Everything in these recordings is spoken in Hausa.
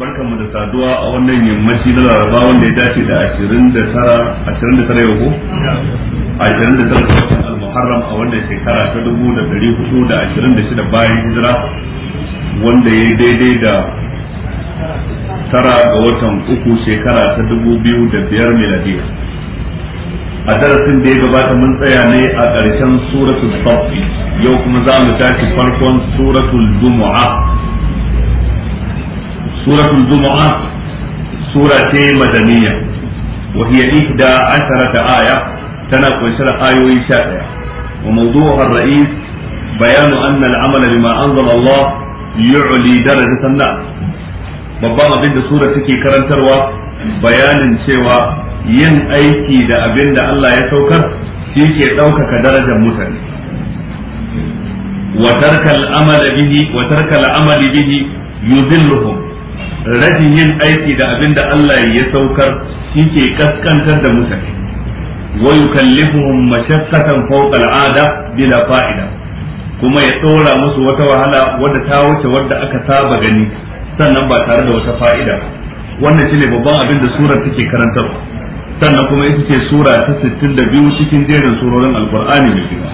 barkan mu da saduwa a wannan yammaci na laraba wanda ya dace da 29 29 yau ko 29 watan al-muharram a wannan shekara ta 1426 bayan hijira wanda ya daidai da tara ga watan uku shekara ta dubu biyu da biyar miladiya a darasin da ya gabata mun tsaya ne a ƙarshen suratul safi yau kuma za mu tashi farkon suratul jumu'a suratul jumu'a sura ce madaniya wa hiya ihda asharata aya tana kunshe da ayoyi 11 wa mawdu'uha ar-ra'is bayanu anna al-amala bima anzala Allah yu'li darajatan nas babban abin da sura take karantarwa bayanin cewa yin aiki da abin da Allah ya sauka shi ke ɗaukaka darajar mutane wa tarkal bihi wa tarkal rajin yin aiki da abin da Allah ya saukar shi ke kaskantar da mutane wa yukallifuhum mashaqqatan fawqa al'ada bila fa'ida kuma ya tsora musu wata wahala wadda ta wuce wadda aka saba gani sannan ba tare da wata fa'ida wannan shine babban abin da surar take karantarwa sannan kuma ita ce sura ta 62 cikin jerin surorin alqur'ani ne girma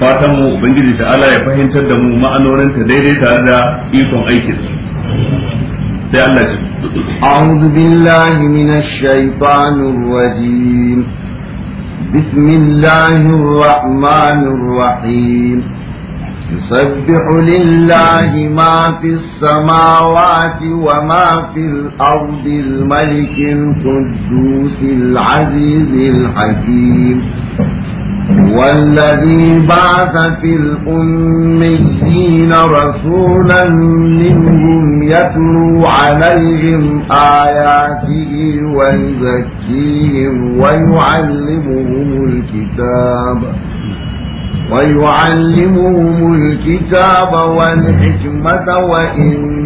fatan mu ubangiji ta'ala ya fahimtar da mu ma'anorinta daidai tare da ikon aikin أعوذ بالله من الشيطان الرجيم بسم الله الرحمن الرحيم يسبح لله ما في السماوات وما في الأرض الملك القدوس العزيز الحكيم والذي بعث في الأميين رسولا منهم يتلو عليهم آياته ويزكيهم ويعلمهم الكتاب ويعلمهم الكتاب والحكمة وإن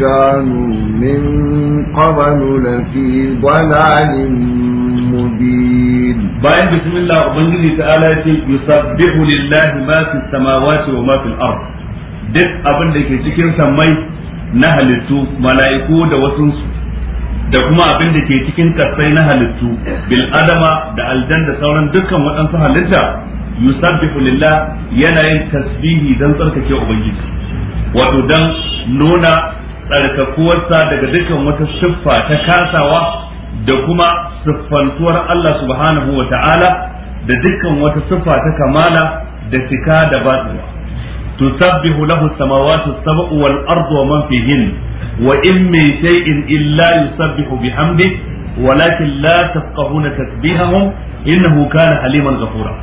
كانوا من قبل لفي ضلال مبين باين بسم الله وبنجي تعالى يسبح لله ما في السماوات وما في الأرض duk abin da ke cikin sammai na halittu mala'iku da da kuma abin da ke cikin kasai na halittu bil adama da aljan da sauran dukkan waɗansu halitta yusabbihu lillah yana yin tasbihi dan tsarkake ubangiji wato dan nuna tsarkakuwarsa daga dukkan wata siffa ta kasawa da kuma siffantuwar Allah subhanahu wa ta'ala da dukkan wata siffa ta kamala da cika da batsuwa tusabbihu lahu samawati sab'u wal ardu wa man fihin wa in min shay'in illa yusabbihu bihamdi walakin la tafqahuna tasbihahum innahu kana haliman ghafura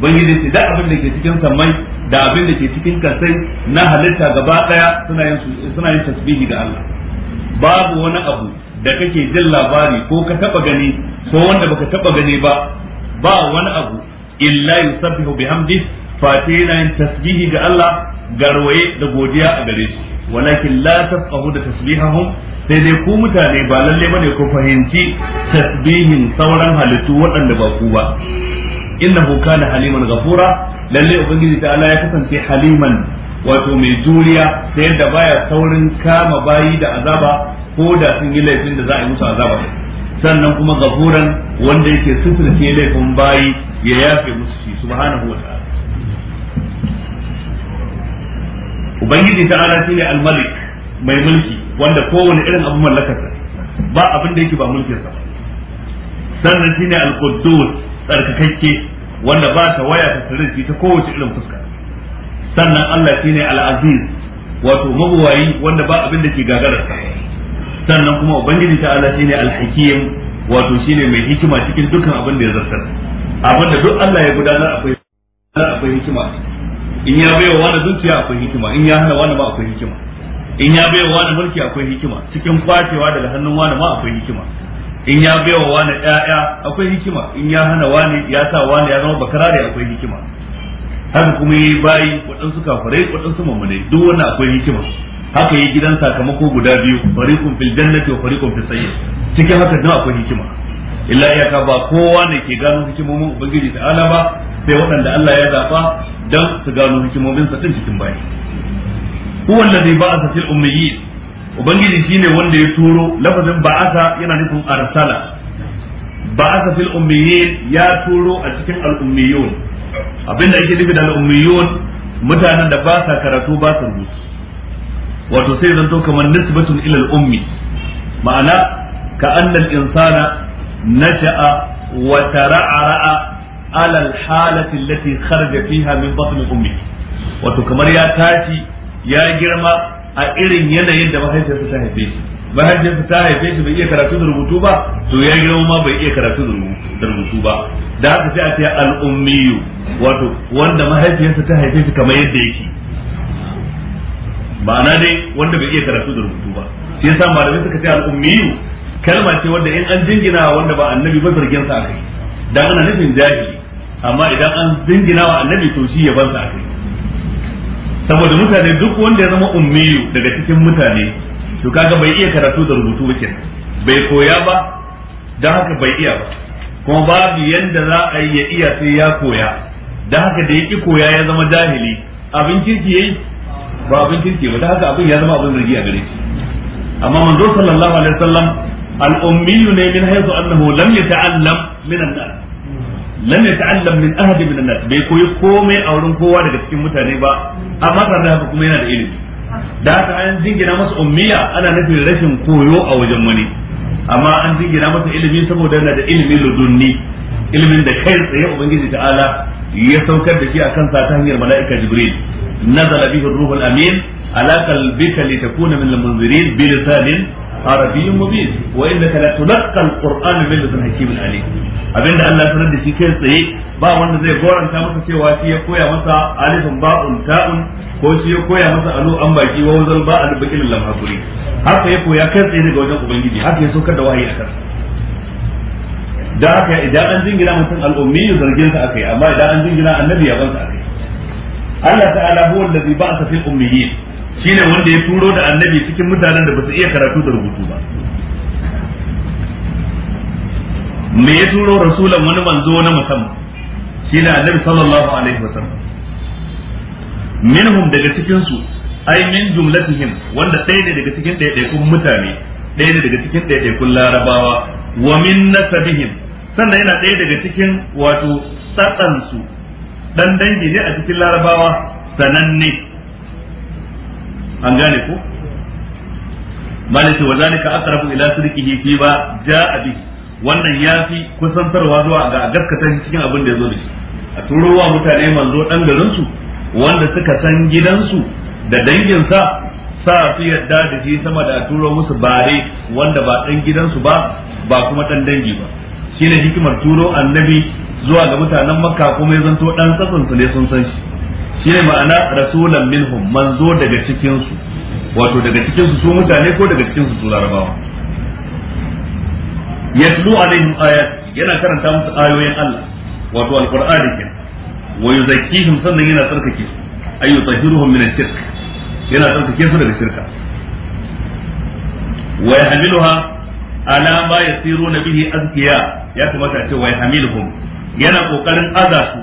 ubangiji da abin da ke cikin samai da abin da ke cikin kasai na halitta gaba daya suna yin suna yin tasbihi ga Allah babu wani abu da kake jin labari ko ka taba gani ko wanda baka taba gani ba ba wani abu illa yusabbihu bihamdi fa yana yin tasbihi ga Allah garwaye da godiya a gare su walakin la tafqahu da tasbihahum sai dai ku mutane ba lalle bane ku fahimci tasbihin sauran halittu waɗanda ba ku ba innahu kana haliman ghafura lalle ubangiji Allah ya kasance haliman wato mai juriya ta yadda baya saurin kama bayi da azaba ko da sun yi laifin da za a yi musu azaba da sannan kuma gafuran wanda yake sufurce laifin bayi ya yafe musu shi subhanahu wa ta'ala ubangiji ta'ala shine al-malik mai mulki wanda kowane irin abu mallakarsa ba abin da yake ba mulkinsa sannan shi ne quddus tsarkakakke wanda ba ta waya ta sirri ta kowace irin fuska sannan Allah shi ne aziz wato mabuwayi wanda ba abin da ke gagararsa sannan kuma ubangiji Allah shine al-hakim wato shine mai hikima cikin dukkan abin da ya zartar abin da duk Allah ya gudanar akwai akwai hikima in ya baiwa wani zuciya akwai hikima in ya hana wani ma akwai hikima in ya baiwa wani mulki akwai hikima cikin kwacewa daga hannun wani ma akwai hikima in ya baiwa wani ƴaƴa akwai hikima in ya hana wani ya sa wani ya zama bakarare akwai hikima haka kuma yi bayi waɗansu kafirai waɗansu mamunai duk wani akwai hikima haka yi gidan sakamako guda biyu fariqun fil jannati wa fariqun fis sayyi cikin haka dan akwai hikima illa ya ba kowa ne ke gano hikimomin ubangiji ta'ala ba sai waɗanda Allah ya zafa dan su gano hikimomin sa cikin bayi huwa alladhi ba'atha fil ummiyyin ubangiji shine wanda ya turo lafazin ba'atha yana nufin arsala ba'atha fil ummiyyin ya turo a cikin al ummiyun abinda ake nufi da al ummiyun mutanen da ba sa karatu ba sa rubutu wato sai zan to kamar nisbatun ila al-ummi ma'ana ka anna al-insana nasha'a wa tara'ara ala al-halati allati kharaja fiha min batn ummi wato kamar ya tashi ya girma a irin yanayin da mahaifiyarsa ta haife shi mahaifiyarsa ta haife shi bai iya karatu da rubutu ba to ya girma ma bai iya karatu da rubutu ba da haka sai a ce al-ummiyu wato wanda mahaifiyarsa ta haife shi kamar yadda yake ma'ana dai wanda bai iya karatu da rubutu ba shi yasa malamai suka ce al'ummiyu kalma ce wanda in an jingina wanda ba annabi ba zargin sa akai dan ana nufin jahili amma idan an jingina wa annabi to shi ya ban sa akai saboda mutane duk wanda ya zama ummiyu daga cikin mutane to kaga bai iya karatu da rubutu ba bai koya ba dan haka bai iya ba kuma babu yanda za a yi ya iya sai ya koya dan haka da ya koya ya zama jahili abin kirki yayi ba abin kirki ba da haka abin ya zama abin zargi a gare shi amma manzo sallallahu alaihi wasallam al-ummi ne min haythu annahu lam yata'allam min an-nas lam yata'allam min ahad min an-nas bai koyi komai a wurin kowa daga cikin mutane ba amma tare haka kuma yana da ilimi da haka an jingina masa ummiya ana nufin rashin koyo a wajen wani amma an jingina masa ilimi saboda yana da ilimin ludunni ilimin da kai tsaye ubangiji ta'ala ya saukar da shi a kansa ta hanyar mala'ika jibril nazala bihi ruhul amin ala qalbika litakuna min al-munzirin bi lisanin arabiyyin mubin wa innaka la tulqa al-qur'ana min lisan alim abinda Allah sanar da shi kai tsaye ba wanda zai goranta masa cewa shi ya koya masa alifin ba'un ta'un ko shi ya koya masa alu an baki wa wazal ba al-bakil lam haka ya koya kai tsaye daga wajen ubangiji haka ya saukar da wahayi a kansa da haka idan an jingina mutum al'ummi zargin sa akai amma idan an jingina annabi ya sa akai Allah ta'ala huwa allazi ba'atha fil ummiyyin shine wanda ya turo da annabi cikin mutanen da ba su iya karatu da rubutu ba me ya turo rasulan wani manzo na musamman shine annabi sallallahu alaihi wasallam minhum daga cikin su ai min jumlatihim wanda ɗaya ne daga cikin ɗaiɗaikun mutane ɗaya ne daga cikin ɗaiɗaikun larabawa wa min nasabihim sannan yana ɗaya daga cikin wato tsatsansu dan dangi ne a cikin larabawa sananne an gane ko malaki wa zalika aqrabu ila sirqihi fi ba ja'a bi wannan yafi kusantarwa zuwa ga a gaskata cikin abin da yazo da shi a turowa mutane manzo dan garin wanda suka san gidansu da danginsa sa su yadda da shi sama da a turo musu bare wanda ba ɗan gidansu ba ba kuma dan dangi ba Shi ne hikimar turo annabi zuwa ga mutanen makka kuma ya zanto dan sassan su ne sun san shi Shi ne ma'ana rasulan minhum manzo daga cikin su wato daga cikin su su mutane ko daga cikin su su larabawa yatlu alaihim ayat yana karanta musu ayoyin Allah wato alqur'ani kin wa yuzakkihim sannan yana tsarkake su ayu tahiruhum min ash-shirk yana tsarkake su daga shirka wa yahmiluha ala ma na bihi azkiya ya kamata ce wai hamilhum yana kokarin aza su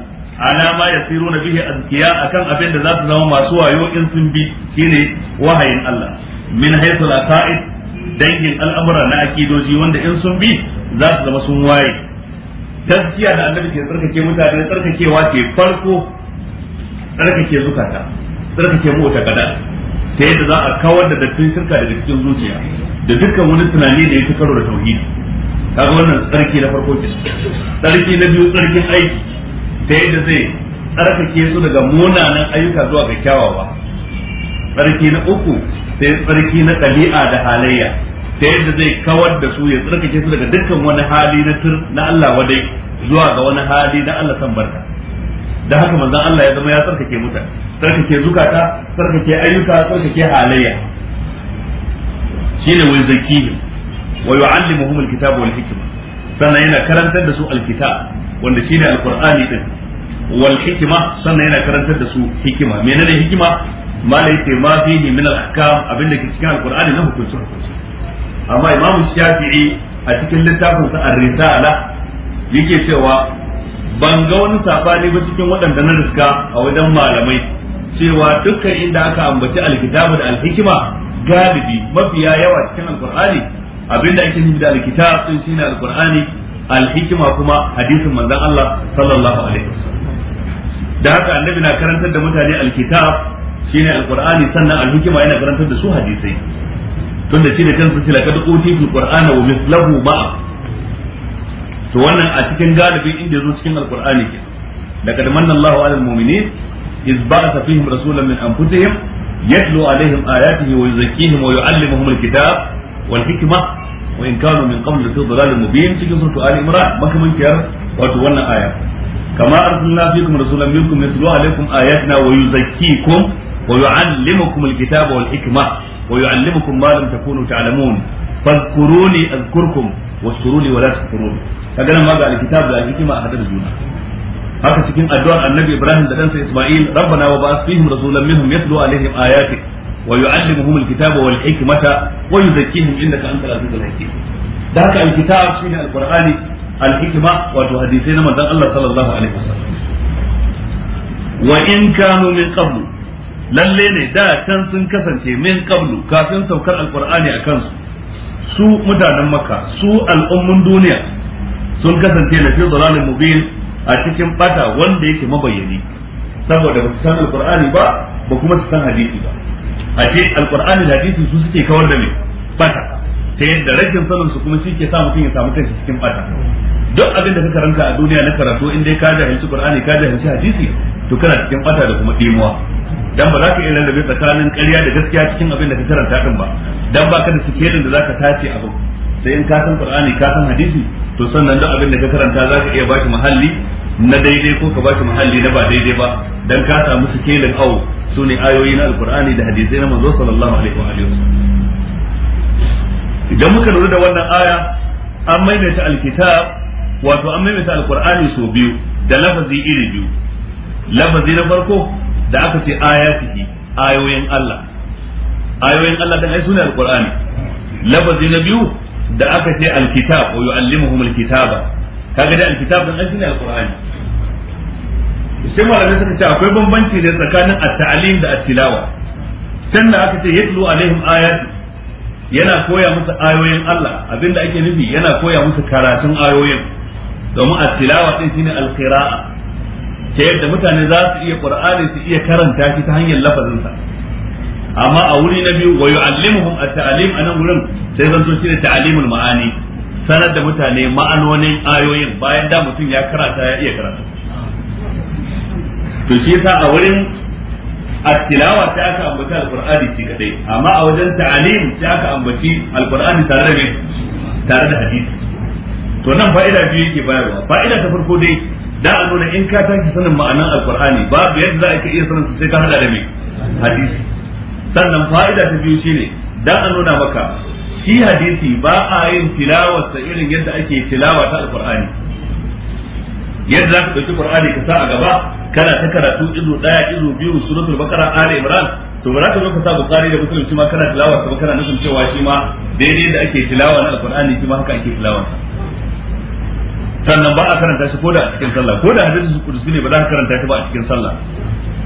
ala ma na bihi azkiya akan abin da za su zama masu wayo in sun bi shine wahayin Allah min haythu la dangin al'amura na akidoji wanda in sun bi za su zama sun waye gaskiya da annabi ke tsarkake mutane tsarkakewa ke farko tsarkake zukata tsarkake mu ta kada ta yadda za a kawar da dattin shirka daga cikin zuciya da dukkan wani tunani da ya fi karo da tauhidi kaga wannan tsarki na farko ke tsarki na biyu tsarkin aiki ta yadda zai tsarkake su daga munanan ayyuka zuwa ga kyawawa tsarki na uku sai tsarki na ɗabi'a da halayya ta yadda zai kawar da su ya tsarkake su daga dukkan wani hali na tur na Allah wadai zuwa ga wani hali na Allah san barka da haka manzon Allah ya zama ya tsarkake mutane tsarkake zukata tsarkake ayyuka tsarkake halayya shine wai zakihim wa yu'allimuhum alkitaba wal hikma sannan yana karantar da su alkitab wanda shine alqur'ani din wal hikma sannan yana karantar da su hikima menene hikima malai ce ma fihi min al-ahkam abinda ke cikin alqur'ani na hukunci hukunci amma imam shafi'i a cikin littafin sa ar-risala yake cewa ban ga wani safani ba cikin waɗanda na riska a wajen malamai cewa dukkan inda aka ambaci alkitabu da alhikima galibi mafiya yawa cikin alqur'ani abinda ake nufi da alkitab din shine alqur'ani alhikima kuma hadisin manzon Allah sallallahu alaihi wasallam da haka annabi na karantar da mutane alkitab shine alqur'ani sannan alhikima yana karantar da su hadisai tunda shine kansa ce laqad utitul qur'ana wa mithlahu ma'a to wannan a cikin galibin inda yazo cikin alqur'ani ke laqad manna Allahu 'alal mu'minin iz ba'atha fihim rasulan min anfusihim يتلو عليهم آياته ويزكيهم ويعلمهم الكتاب والحكمة وإن كانوا من قبل في ضلال مبين في سورة آل عمران ما كمان كير وتوانا آية كما أرسلنا فيكم رسولا منكم يتلو عليكم آياتنا ويزكيكم ويعلمكم الكتاب والحكمة ويعلمكم ما لم تكونوا تعلمون فاذكروني أذكركم واشكروا لي ولا تشكرون فقال ما قال الكتاب لا الحكمة أحد الجنة haka cikin addu'ar annabi ibrahim da ɗansa isma'il rabbana wa ba'ath fihim rasulan minhum yatlu alaihim ayati wa yu'allimuhum alkitaba wal hikmata wa yuzakkihim innaka antal azizul hakim da haka alkitab shine alqur'ani alhikma wato hadisai na manzon Allah sallallahu alaihi wasallam wa in kanu min qablu lalle ne da can sun kasance min qablu kafin saukar alqur'ani a kansu su mutanen makka su al'ummun duniya sun kasance na fi dhalalin mubin a cikin bata wanda yake mabayyani saboda ba su san alqur'ani ba ba kuma su san hadisi ba a ce alqur'ani da hadisi su suke kawar da me bata ta yadda rashin sanin su kuma suke ke sa mutum ya samu kansa cikin bata duk abin da ka karanta a duniya na karatu in dai ka jahilci qur'ani ka jahilci hadisi to kana cikin bata da kuma dimuwa dan ba za ka iya rarrabe tsakanin ƙarya da gaskiya cikin abin da ka karanta din ba dan ba ka da sikelin da ka tace abu sai in ka san qur'ani ka san hadisi to sannan duk abin da ka karanta zaka iya baki mahalli na daidai ko ka baki mahalli na ba daidai ba dan ka samu sikelin su ne ayoyi na alqur'ani da hadisi na manzo sallallahu alaihi wa alihi idan muka lura da wannan aya an maimaita alkitab wato an maimaita alqur'ani so biyu da lafazi iri biyu lafazi na farko da aka ce ayatihi ayoyin Allah ayoyin Allah dan ai sune alqur'ani lafazi na biyu da aka ce alkitab wa yu'allimuhum alkitaba kaga da alkitab din an alqur'ani sai malamai suka ce akwai bambanci ne tsakanin at-ta'lim da at-tilawa sannan aka ce yatlu alaihim ayat yana koya musu ayoyin Allah abinda ake nufi yana koya musu karatun ayoyin domin at-tilawa din shine al-qira'a ta yadda mutane za su iya qur'ani su iya karanta shi ta hanyar lafazinsa amma a wuri na biyu wa yu'allimuhum at-ta'lim anan wurin sai zan shi shine ta'limul ma'ani sanar da mutane ma'anonin ayoyin bayan da mutum ya karata ya iya karatu to shi yasa a wurin at-tilawa ta aka ambaci al-qur'ani shi kadai amma a wajen ta'lim ta aka ambaci al-qur'ani tare da tare da hadisi to nan fa'ida biyu yake bayarwa fa'ida ta farko dai da a nuna in ka tashi sanin ma'anan al-qur'ani babu yadda za ka iya sanin sai ka hada da mai hadisi sannan fa'ida ta biyu shine dan an nuna maka shi hadisi ba a yin tilawarsa irin yadda ake tilawa ta alqur'ani yadda ka dauki qur'ani ka sa a gaba kana ta karatu izu daya izu biyu suratul baqara ali imran to ba za ka zo ka sa bukari da muslim shi ma kana tilawa ta kana nufin cewa shi ma daidai da ake tilawa na alqur'ani shi ma haka ake tilawarsa sannan ba a karanta shi ko da a cikin sallah ko da hadisi kudusi ne ba za ka karanta shi ba a cikin sallah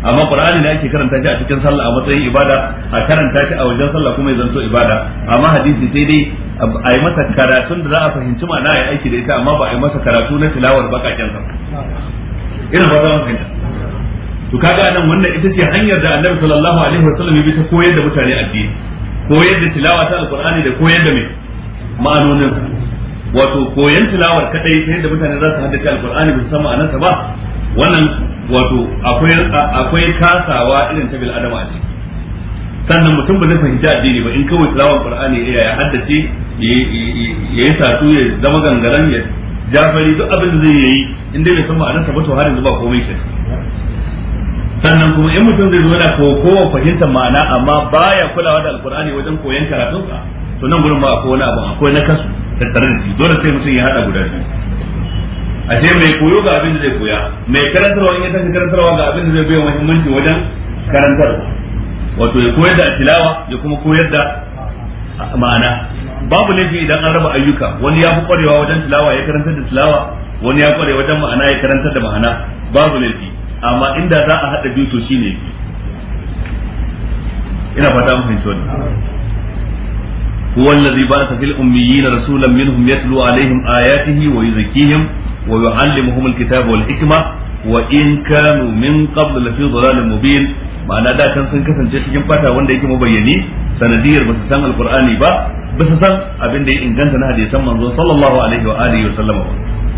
amma qur'ani ne ake karanta shi a cikin sallah a matsayin ibada a karanta shi a wajen sallah kuma ya zanto ibada amma hadisi sai dai a yi masa karatun da za a fahimci ma'ana ya aiki da ita amma ba a yi masa karatu na tilawar bakaken sa ina ba zan fahimta to kaga nan wannan ita ce hanyar da annabi sallallahu alaihi wasallam ya bi ta koyar da mutane addini koyar da tilawa ta alqur'ani da koyar da mai ma'anonin wato koyan tilawar kadai ta yadda mutane za su haddace alqur'ani ba su san ma'anarsa ba wannan wato akwai kasawa irin ta bil'adama ce a sannan mutum ba zai fahimci addini ba in kawai tilawar qur'ani ya ya haddace ya yi satu ya zama gangaren ya jafari duk abin da zai yi in dai bai san ma'anarsa ba to har yanzu ba komai shi sannan kuma in mutum zai zo yana kowa fahimtar ma'ana amma baya kulawa da alkur'ani wajen koyon karatunsa to nan gurin ba akwai wani abu akwai na kasu tattare da shi dole sai mutum ya hada guda biyu a ce mai koyo ga abin da zai koya mai karantarwa in ya tashi karantarwa ga abin da zai bayar muhimmanci wajen karantarwa wato ya koyar da tilawa ya kuma koyar da ma'ana babu laifi idan an raba ayyuka wani ya fi kwarewa wajen tilawa ya karantar da tilawa wani ya kware wajen ma'ana ya karantar da ma'ana babu laifi amma inda za a haɗa biyu to shine ina fata mun fahimci wannan هو الذي بعث في الأميين رسولا منهم يتلو عليهم آياته ويزكيهم wa yu'allimuhum alkitaba wal hikma wa in kanu min qabl lafi dhalalin mubin ma'ana da kan sun kasance cikin fata wanda yake mabayyani sanadiyar basu san alqur'ani ba basu san abin da ya inganta na hadisan manzo sallallahu alaihi wa alihi wa sallama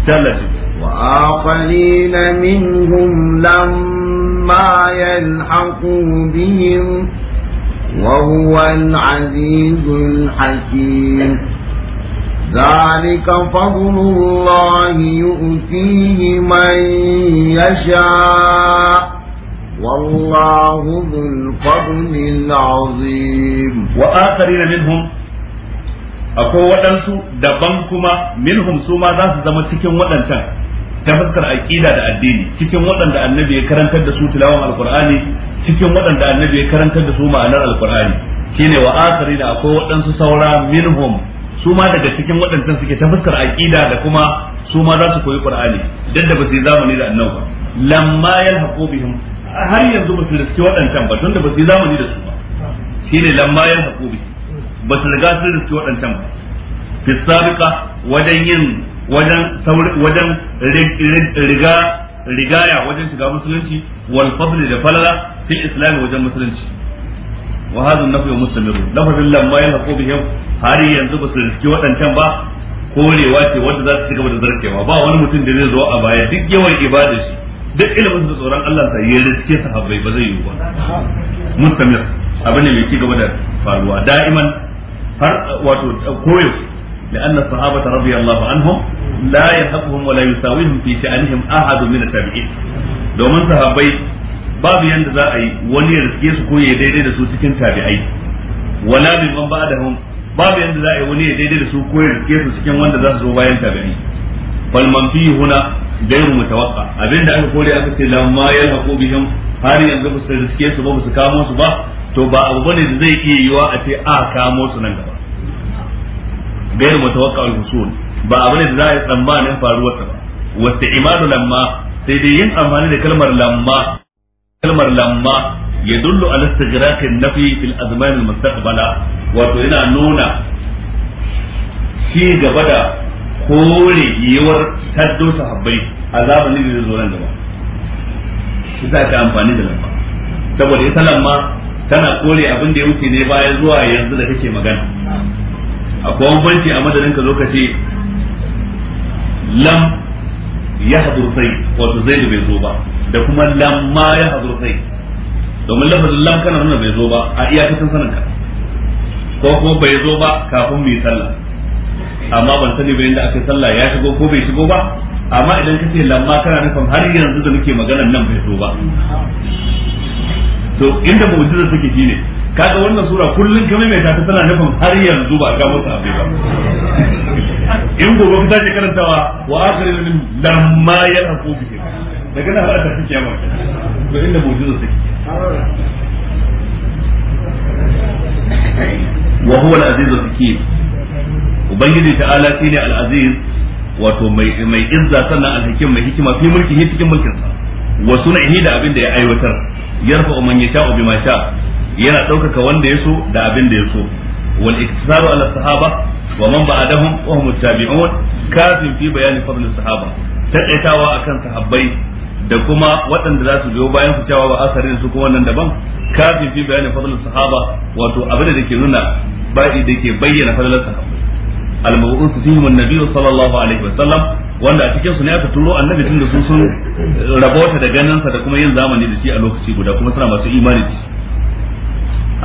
sai Allah shi وآخرين منهم لما يلحقوا بهم وهو العزيز الحكيم ذلك فضل الله يؤتيه من يشاء والله ذو الفضل العظيم وآخرين منهم akwai waɗansu daban kuma minhum su ma za su zama cikin waɗancan ta fuskar aƙida da addini cikin waɗanda annabi ya karanta da su tilawan alƙur'ani cikin waɗanda annabi ya karanta da su ma'anar alƙur'ani shine wa akari da akwai waɗansu saura minhum su ma daga cikin waɗancan suke ta fuskar aqida da kuma su ma za su koyi qur'ani dan da ba su yi zamani da annabi ba lamma yalhaqu bihim har yanzu ba su riske waɗancan ba tun da ba su yi zamani da su ba shine lamma yalhaqu bihim ba su riga su riske waɗancan ba fi sabiqa wajen yin wajen wajen riga rigaya wajen shiga musulunci wal fadl da falala fil islam wajen musulunci wa hadha an-nafyu mustamiru lafazin lamma yalhaqu bihim har yanzu ba su riski waɗancan ba korewa ce wanda za su ci gaba da zarcewa ba wani mutum da zai zo a baya duk yawan ibada shi duk ilimin da tsoron Allah sa ya riske sahabbai ba zai yi ba mustamir abin ne mai ci gaba da faruwa da'iman har wato koyo لأن الصحابة رضي الله عنهم لا يحبهم ولا يساويهم في شأنهم أحد من التابعين لو من صحابي باب يند ذا أي ولي رزقيس كوي يديدي دسو سكن تابعي ولا من بعدهم babu yanda za a yi wani ya daidai da su ko ya rike su cikin wanda za su zo bayan ta gani. tabi'i fal manfi huna gairu mutawaqqa abinda aka kore aka ce lamma yalhaqu bihim har yanzu ba su riske su ba su kamo su ba to ba abu bane da zai iya yiwa a ce a kamo su nan gaba gairu mutawaqqa al husul ba abu ne da za a yi tsammanin faruwar ta ba wasta imanu lamma sai dai yin amfani da kalmar lamma kalmar lamma يدل على استغراق النفي في الأزمان المستقبلة wato yana nuna shi gaba da kore yiwuwar taddo sahabbai a zamanin da zo nan gaba shi za ta amfani da lamba saboda ita lamba tana kore abin da ya wuce ne bayan zuwa yanzu da kake magana akwai banki a madadin ka lokaci lam ya hadur sai wato zai da bai zo ba da kuma lamma ya hadur sai domin lafazin lam kana nuna bai zo ba a iyakacin sanin ka ko kuma bai zo ba kafin mu yi sallah amma ban sani ba yanda aka sallah ya shigo ko bai shigo ba amma idan ka ce lamma kana nufin har yanzu da nake maganar nan bai zo ba to inda mu'jiza take shine kaga wannan sura kullun ka mai ta tana nufin har yanzu ba ga musu abin ba in gobe ka tashi karantawa wa akhirin min lamma yalhaqu bihi daga nan har ta fi kiyama to inda mu'jiza take wa huwa al-aziz al-hakim ubangiji ta'ala wato mai mai izza sannan al-hakim mai hikima fi mulkihi cikin mulkin sa wa sunaihi da abin da ya aiwatar yarfa man yasha ma sha yana daukaka wanda yaso da abin da yaso wal iktisaru ala sahaba wa man ba'adahum wa hum tabi'un kafin fi bayani fadl sahaba taƙaitawa akan sahabbai da kuma waɗanda za su biyo bayan su cewa ba asarin su kuma wannan daban kafin fi bayanin fadlul sahaba wato abin da ke nuna bai da ke bayyana fadlul sahaba al-maw'ud su an-nabiy sallallahu alaihi wa sallam wanda a cikin su ne aka turo annabi tun da su sun rabota da ganin sa da kuma yin zamani da shi a lokaci guda kuma suna masu imani da shi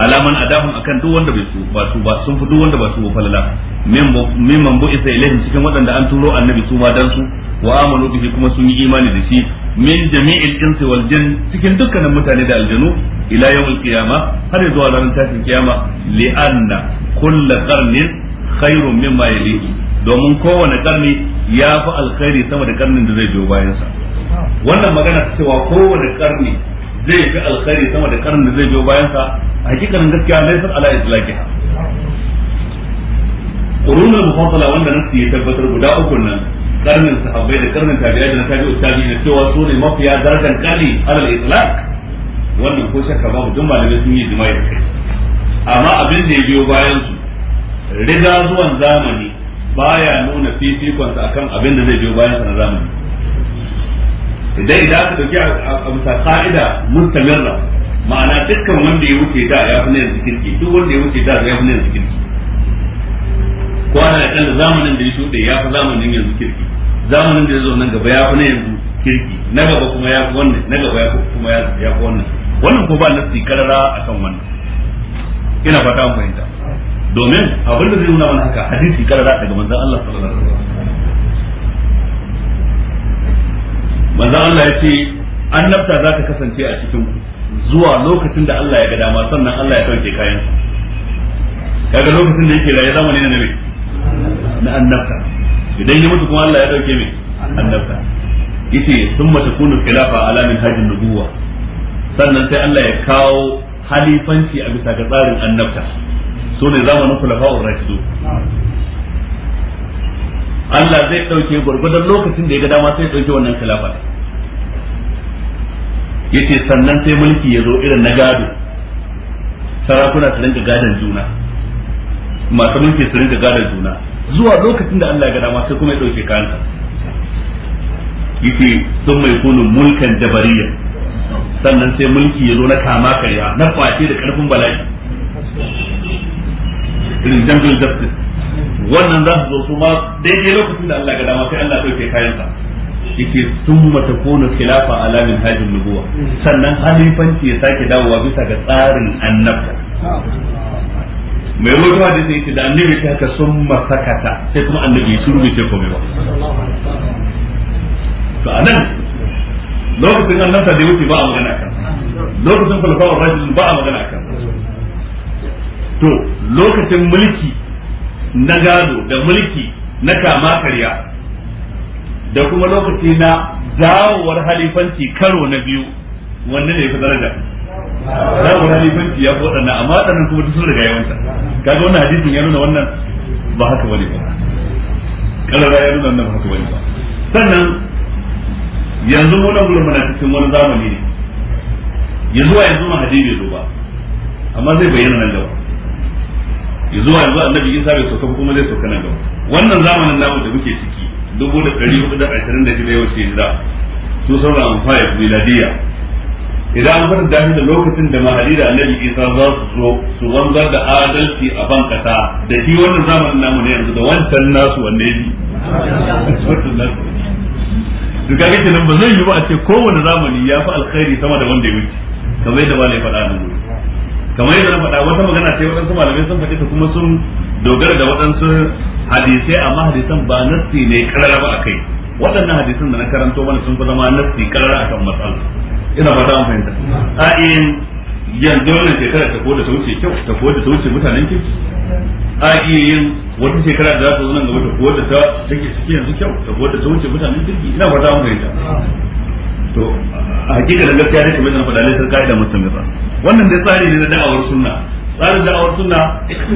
alaman adahun akan duk wanda bai su ba su ba sun fi duk wanda ba su falala mimman bu isa cikin waɗanda an turo annabi su ma dan su wa amanu kuma sun yi imani da shi min jami'il insi wal jin cikin dukkanin mutane da aljanu ila yawmil qiyama har zuwa ranar tashin kiyama li anna kullu qarnin khairun mimma yalihi domin kowane karni ya fi alkhairi sama da karnin da zai biyo bayan wannan magana ta cewa kowane karni zai fi alkhairi sama da karnin da zai biyo bayan sa hakikanin gaskiya laysat ala na qurunul mufassala wanda nasu ya tabbatar guda uku karnin sahabbai da karnin tabi'ai da na tabi tabi'i da cewa su ne mafiya darajar karni alal islam wannan ko shakka babu duk malamai sun yi jima'i da kai amma abin da ya biyo bayan su riga zuwan zamani baya nuna fifikon sa akan abin da zai biyo bayan sa na zamani idan idan aka dauki a bisa ka'ida mustamirra ma'ana dukkan wanda ya wuce da ya fi yanzu kirki duk wanda ya wuce da ya fi yanzu kirki ko ana da zamanin da ya shuɗe ya fi zamanin yanzu kirki zamanin da ya zo nan gaba ya fi na yanzu kirki na gaba kuma ya fi wannan na gaba ya kuma ya fi wannan wannan ko ba nasi karara kan wannan ina fata an fahimta domin abin da zai nuna mana haka hadisi karara daga manzan Allah sallallahu alaihi wasallam manzan Allah ya ce annabta za ta kasance a cikin zuwa lokacin da Allah ya ga dama sannan Allah ya sauke kayan kaga lokacin da yake raye zamanin na nabi na annabta idan ya mutu kuma Allah ya dauke mai annabta yace thumma takunu khilafa ala min hajin nubuwa sannan sai Allah ya kawo halifanci a bisa ga tsarin annabta so ne zamanin khulafa'ur rashidu Allah zai dauke gurgurdan lokacin da ya ga dama sai ya dauke wannan khilafa yace sannan sai mulki ya zo irin na gado sarakuna su rinka gadon juna masu mulki su rinka gadon juna zuwa lokacin da Allah ya gada dama sai kuma ya dauke kanta yace sun mai kunun mulkan jabariya sannan sai mulki ya zo na kama karya na kwace da karfin bala'i irin jungle justice wannan za su zo su ma daidai lokacin da Allah ya gada sai Allah ya dauke kayansa yake sun mata kona khilafa alamin hajin nubuwa sannan halifanci ya sake dawowa bisa ga tsarin annabta mai wata hadisi yace da annabi ta ka sun masakata sai kuma annabi su rubi ce komai ba to anan lokacin annabi da wuce ba a magana kan lokacin falfawar rajin ba a magana kan to lokacin mulki na gado da mulki na kama karya da kuma lokaci na dawowar halifanci karo na biyu wannan ne ya fi daraja za ku hali banci ya fi waɗannan amma waɗannan kuma duk sun riga yawanta kaga wannan hadisin ya nuna wannan ba haka bane ba kalara ya nuna wannan ba haka bane ba sannan yanzu mu nan gurin muna cikin wani zamani ne ya zuwa yanzu ma hadisi bai zo ba amma zai bayyana nan gaba yanzu wa yanzu annabi Isa bai sauka kuma zai sauka nan gaba wannan zamanin namu da muke ciki dubu da ɗari hudu da ashirin da shida yau ce hijira su sauran amfaya miladiyya idan an faranta shi da lokacin da mahali da annabi isa za su zo su wanzar da adalci a ban kasa da shi wannan zamanin namu ne yanzu da wancan nasu wanne ne to kaga nan ba zai yi ba a ce kowane zamani ya fi alkhairi sama da wanda ya wuce kamar yadda ba ne faɗa nan kamar yadda na faɗa wata magana ce waɗansu malamai sun faɗi ta kuma sun dogara da waɗansu hadisai amma hadisan ba nassi ne karara ba a kai waɗannan hadisan da na karanto mana sun fi zama nassi karara akan matsala ina ba ta fahimta a in yanzu wannan shekara ta koda ta wuce kyau ta koda ta wuce mutanen kirki a iya yin wata shekara da za ta zo nan gaba ta koda ta take ciki yanzu kyau ta koda ta wuce mutanen kirki ina ba ta fahimta to a hakika da gaskiya ne kamar na faɗa ne sai ka'ida ba wannan dai tsari ne na da'awar sunna tsarin da'awar suna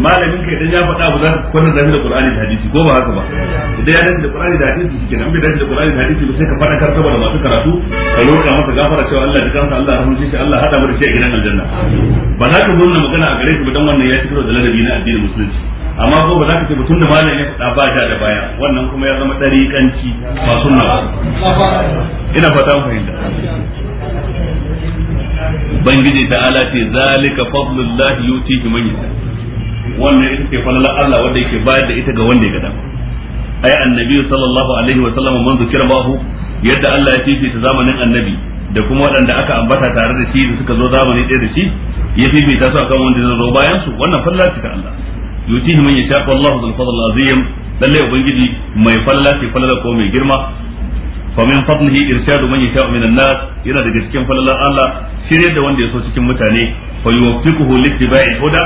malamin kai idan ya faɗa ba za ka kwanar da da Qur'ani da hadisi ko ba haka ba idan ya dace da Qur'ani da hadisi shi kenan bai dace da Qur'ani da hadisi ba sai ka faɗa kar da masu karatu ka roƙa masa gafara cewa Allah da kansa Allah ya shi Allah hada mu da shi a gidan aljanna ba za ka zo magana a gare shi ba dan wannan ya fito da ladabi na addinin musulunci amma ko ba za ka ce mutum da malamin ya faɗa ba da da baya wannan kuma ya zama ɗariƙanci ba sunna ba ina fata mu fahimta ubangiji ta ala ce zalika fadlullahi yutihi man yasha wannan ita ce falalar Allah wanda yake bayar da ita ga wanda ya gada ai annabi sallallahu alaihi wa sallam man zikira bahu yadda Allah ya fifita zamanin annabi da kuma waɗanda aka ambata tare da shi da suka zo zamani ɗaya da shi ya fifita su akan wanda zai zo bayan su wannan falalar ta Allah yutihi man yasha wallahu dhul fadl azim lalle ubangiji mai falala ce falala ko mai girma fa min fadlihi irshadu man yasha'u minan nas yana daga cikin falalar Allah shirye da wanda ya so cikin mutane fa yuwaffiquhu littiba'i huda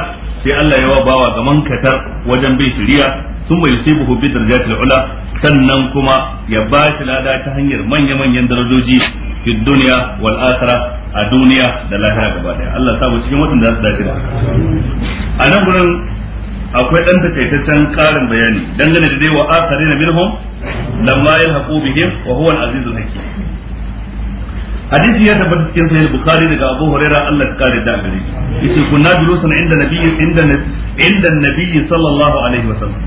sai Allah ya wa bawa gaman katar wajen bin shiriya thumma yusibuhu bi darajatil ula sannan kuma ya ba shi lada ta hanyar manya-manyan darajoji fi duniya wal akhirah a duniya da lahira gaba daya Allah sa mu cikin wadanda za su dace da a nan gurin akwai dan takaitaccen karin bayani dangane da dai wa akharina minhum lamma yalhaqu bihim wa huwa al-aziz al-hakim hadisi ya tabbata cikin sahih bukhari daga abu huraira Allah ya kare da gare shi yace kunna julusan inda nabiyyi inda inda nabiyyi sallallahu alaihi wasallam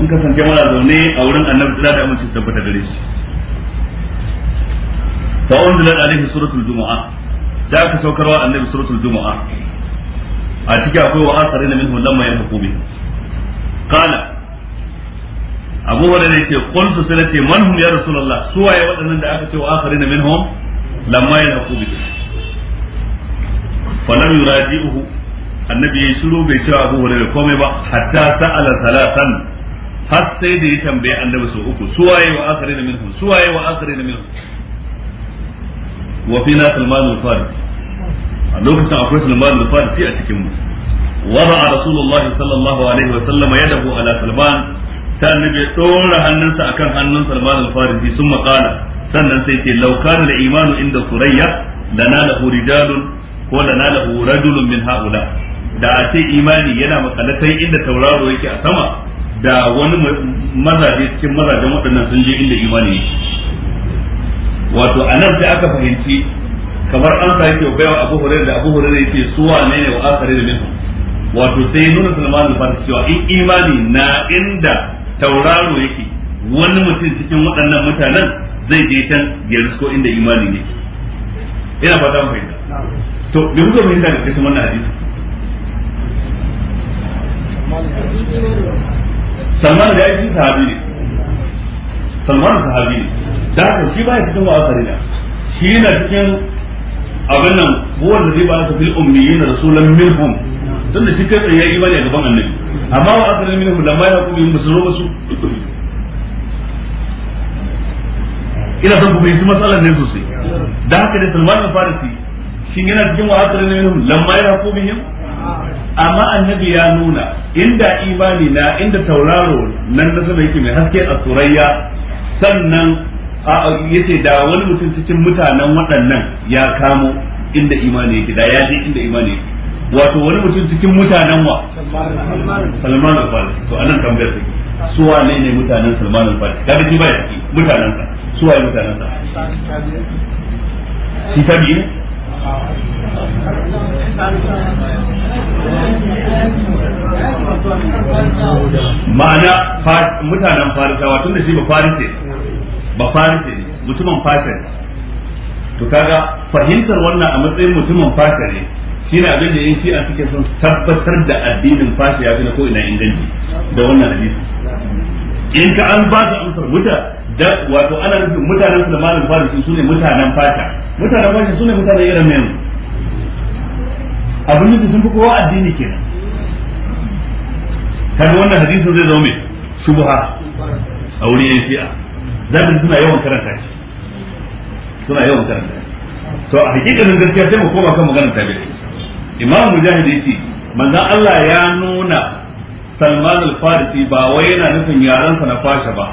mun kasance muna zaune a wurin annabi da da amince tabbata gare shi fa unzilat alaihi suratul jumu'a da aka saukarwa annabi suratul jumu'a a cikin akwai wa asarina minhum lamma yahqu bihim qala abu wanda ne ce qultu sai ce man hum ya rasulullah su waye waɗannan da aka ce wa min minhum lamma yalhaqu bi falam yuradihu annabi yayi shiru bai ce abu wanda komai ba hatta sa'ala salatan har sai da ya tambaye annabi su uku su waye wa min minhum su waye wa akharina minhum wa fi nasal manul farid a lokacin akwai Salman da farisi a cikin mu wada Rasulullah sallallahu alaihi wa sallama yadahu ala Salman ta annabi dora hannunsa akan hannun Salman al-Farisi sun makala sannan sai ce law da imanu inda Surayya lana lahu rijalun ko na lahu rajulun min haula da a ce imani yana makalatai inda tauraro yake a sama da wani mazaje cikin mazajen waɗannan sun je inda imani yake wato a nan sai aka fahimci kamar an sa yake bayan abu hurairah da abu hurairah yake suwa ne ne wa da minhu wato sai nuna sulman al-farisi cewa in imani na inda tauraro yake wani mutum cikin waɗannan mutanen zai je can ya risko inda imani ne ina fata mu fahimta to me kuka fahimta da kashin wannan hadisi Salman da yake sahabi ne Salman sahabi ne da haka shi ba ya cikin wa'azari da shi yana cikin abin nan huwa allazi ba'atha fil ummiyina rasulan minhum tun da shi kai tsaye yi bane gaban annabi amma wa asal minhum lamma yaqum bihim basuru su. ina son ku fahimci matsalar ne sosai da haka da Salman farisi shin yana cikin wa asal minhum lamma kuma bihim amma annabi ya nuna inda imani na inda tauraro nan da zama yake mai haske a turaiya sannan yace da wani mutum cikin mutanen waɗannan ya kamo inda imani yake da ya je inda imani yake wato wani mutum cikin mutanen wa Salman al fari to anan tambayar take su wane ne mutanen Salman al fari kada ji ba yake mutanen sa su waye mutanen sa shi ta ne ma'ana mutanen farisawa tun da shi ba farisi ba farisi ne mutumin fasha to kaga fahimtar wannan a matsayin mutumin fasha ne shine abin da yan a suke son tabbatar da addinin fasha ya gina ko ina inganci da wannan hadisi in ka an ba ka amsar wuta da wato ana nufin mutanen su da malam farisi sune mutanen fata mutanen fasha ne mutanen irin mai abin da sun fi kowa addini kenan kaga wannan hadisin zai zo mai shubha a wurin yan a. zan suna yawan karanta shi suna yawan karanta shi to a hakikanin gaskiya sai mu koma kan maganar tabi'i imam mujahid yace manzon Allah ya nuna Salman al-Farisi ba wai yana nufin yaran sa na fasha ba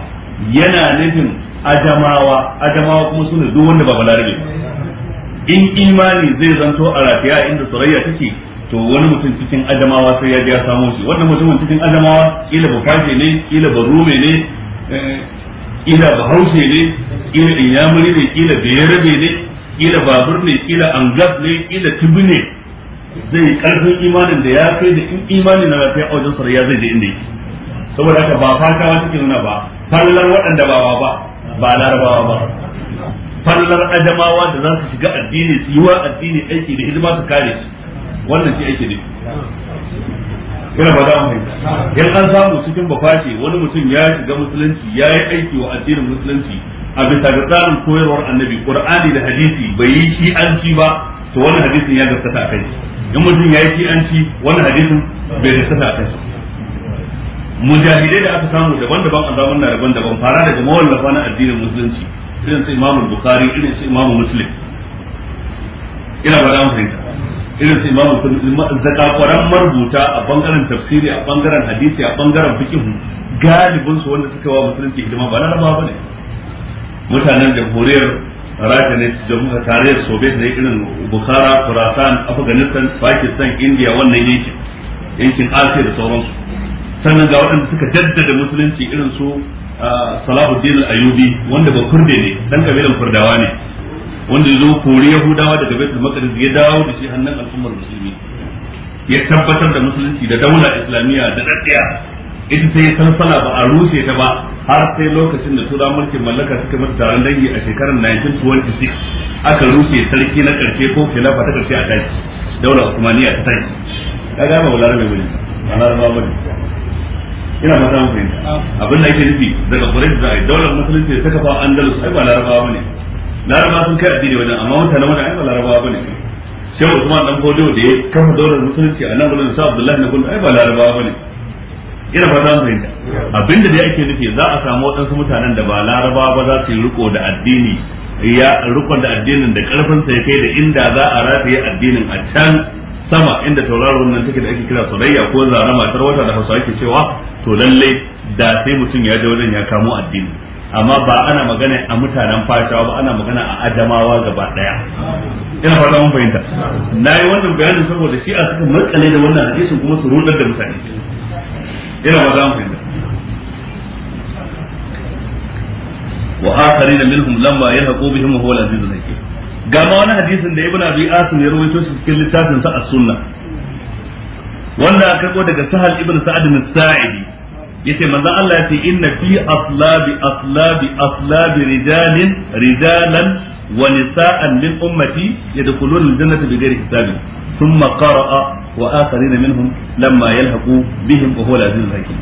yana nufin ajamawa ajamawa kuma suna duk wanda ba balarabe in imani zai zanto a rafiya inda surayya take to wani mutum cikin adamawa sai ya ji ya samo shi wannan mutumin cikin adamawa kila ba fashe ne kila ba rume ne eh, kila bahaushe ne kila inyamuri ne kila bayarabe ne kila babur ne kila angab ne kila tibi ne zai karfin imanin da ya kai da in imanin na lafiya a wajen sarayya zai je inda yake saboda haka ba wata ke nuna ba fallar waɗanda ba ba ba larabawa ba fallar adamawa da za su shiga addini su yi wa addini aiki da hidima su kare su wannan shi aiki ne ina ba za mu fahimta in an samu cikin bafashi wani mutum ya shiga musulunci ya yi aiki wa addinin musulunci a bisa ga tsarin koyarwar annabi qur'ani da hadisi bai yi shi'anci ba to wani hadisin ya gaskata a kai in mutum ya yi shi'anci wani hadisin bai gaskata a kai mujahidai da aka samu daban-daban a zaman na daban-daban fara daga mawallafa na addinin musulunci irin su imamu bukhari irin su imamu muslim ina ba da fahimta irin su imamu zakafaran marubuta a bangaren tafsiri a bangaren hadisi a bangaren fikihu galibin su wanda suka wa musulunci hidima ba na ba ne mutanen horiyar raja ne jamhuriyar tarayyar soviet ne irin bukhara khurasan afghanistan pakistan india wannan yankin yankin asiya da sauransu sannan ga waɗanda suka jaddada musulunci irin su ah, salahuddin al-ayubi wanda ba kurde ne dan kabilan kurdawa ne wanda ya zo kori yahudawa daga baitul maqdis ya dawo da shi hannun al'ummar musulmi ya tabbatar da musulunci da daula islamiyya da daddiya ita sai salsala ba a rushe ta ba har sai lokacin da tura mulkin mallaka suka mata taron dangi a shekarar 1926 aka rushe sarki na karshe ko khilafa ta karshe a daji daula usmaniya ta tashi kaga ba wala rabe bane ana rabe bane ina fata mun fahimta abin da yake nufi daga Quraysh da daular musulunci ta kafa Andalus ai ba larabawa ne laraba sun kai addini wajen amma mutanen wajen ai ba larabawa bane shehu usman dan fodo da ya kafa daular musulunci a nan gurin sa abdullahi na gurin ai ba larabawa bane ina ba za mu fahimta abinda da ake nufi za a samu waɗansu mutanen da ba larabawa ba za su yi riko da addini ya rukun da addinin da karfin sa ya kai da inda za a rataye addinin a can sama inda tauraron nan take da ake kira soyayya ko zara matar wata da Hausa ke cewa to lalle da sai mutum ya je wajen ya kamo addini amma ba ana magana a mutanen fashawa ba ana magana a adamawa gaba daya ina fata mun fahimta na yi wannan bayanin saboda shi a suka matsale da wannan hadisin kuma su rudar da mutane ina fata mun fahimta wa akharin minhum lamma yahqu bihim huwa al-aziz al-hakim ga ma wani hadisin da ibnu abi asim ya rawaito shi cikin littafin sa as-sunnah wanda aka ko daga sahal ibnu sa'ad bin sa'idi yace manzo Allah yace inna fi aslabi aslabi aslabi rijalin rijalan wa nisa'an min ummati yadkhuluna al-jannata bighairi hisabi thumma qara'a wa akharin minhum lamma yalhaqu bihim wa huwa al-azizul hakim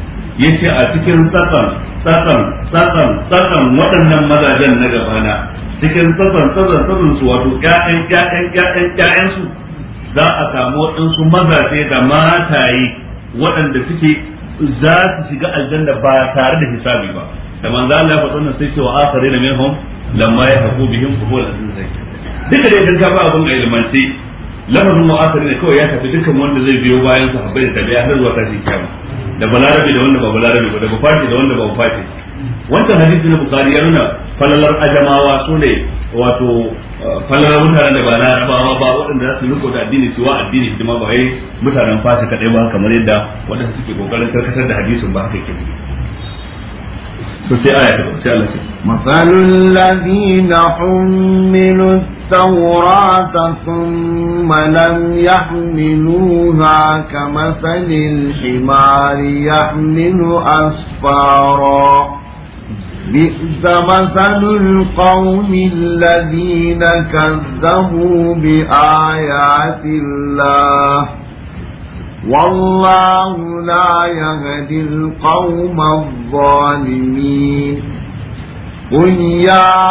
yace a cikin tsatsan tsatsan tsatsan tsatsan waɗannan mazajen na gabana cikin tsatsan tsatsan tsatsan su wato ƴaƴan ƴaƴan ƴaƴan ƴaƴan su za a samu waɗansu mazaje da mataye waɗanda suke za su shiga aljanna ba tare da hisabi ba da manzo Allah ya faɗa wannan sai cewa akharina minhum lamma yahqu bihim qubul al-jannah duka da idan ka ba abun ilmanci lafazin mu'asiri ne kawai ya tafi dukkan wanda zai biyo bayan sahabbai da tabi'a har zuwa tashin kiyama da balarabe da wanda ba balarabe ba da bufati da wanda ba bufati wancan hadisi na bukari ya nuna falalar ajamawa su ne wato uh, falala mutanen da ba na rabawa ba waɗanda za su nuko da addini su wa addini hidima ba wai mutanen fasa kaɗai ba kamar yadda waɗanda suke kokarin karkatar da hadisin ba haka So sosai aya ta sai Allah sai مثل الذين حملوا التوراة ثم لم يحملوها كمثل الحمار يحمل asfara. بئس مثل القوم الذين كذبوا بآيات الله والله لا يهدي القوم الظالمين قل يا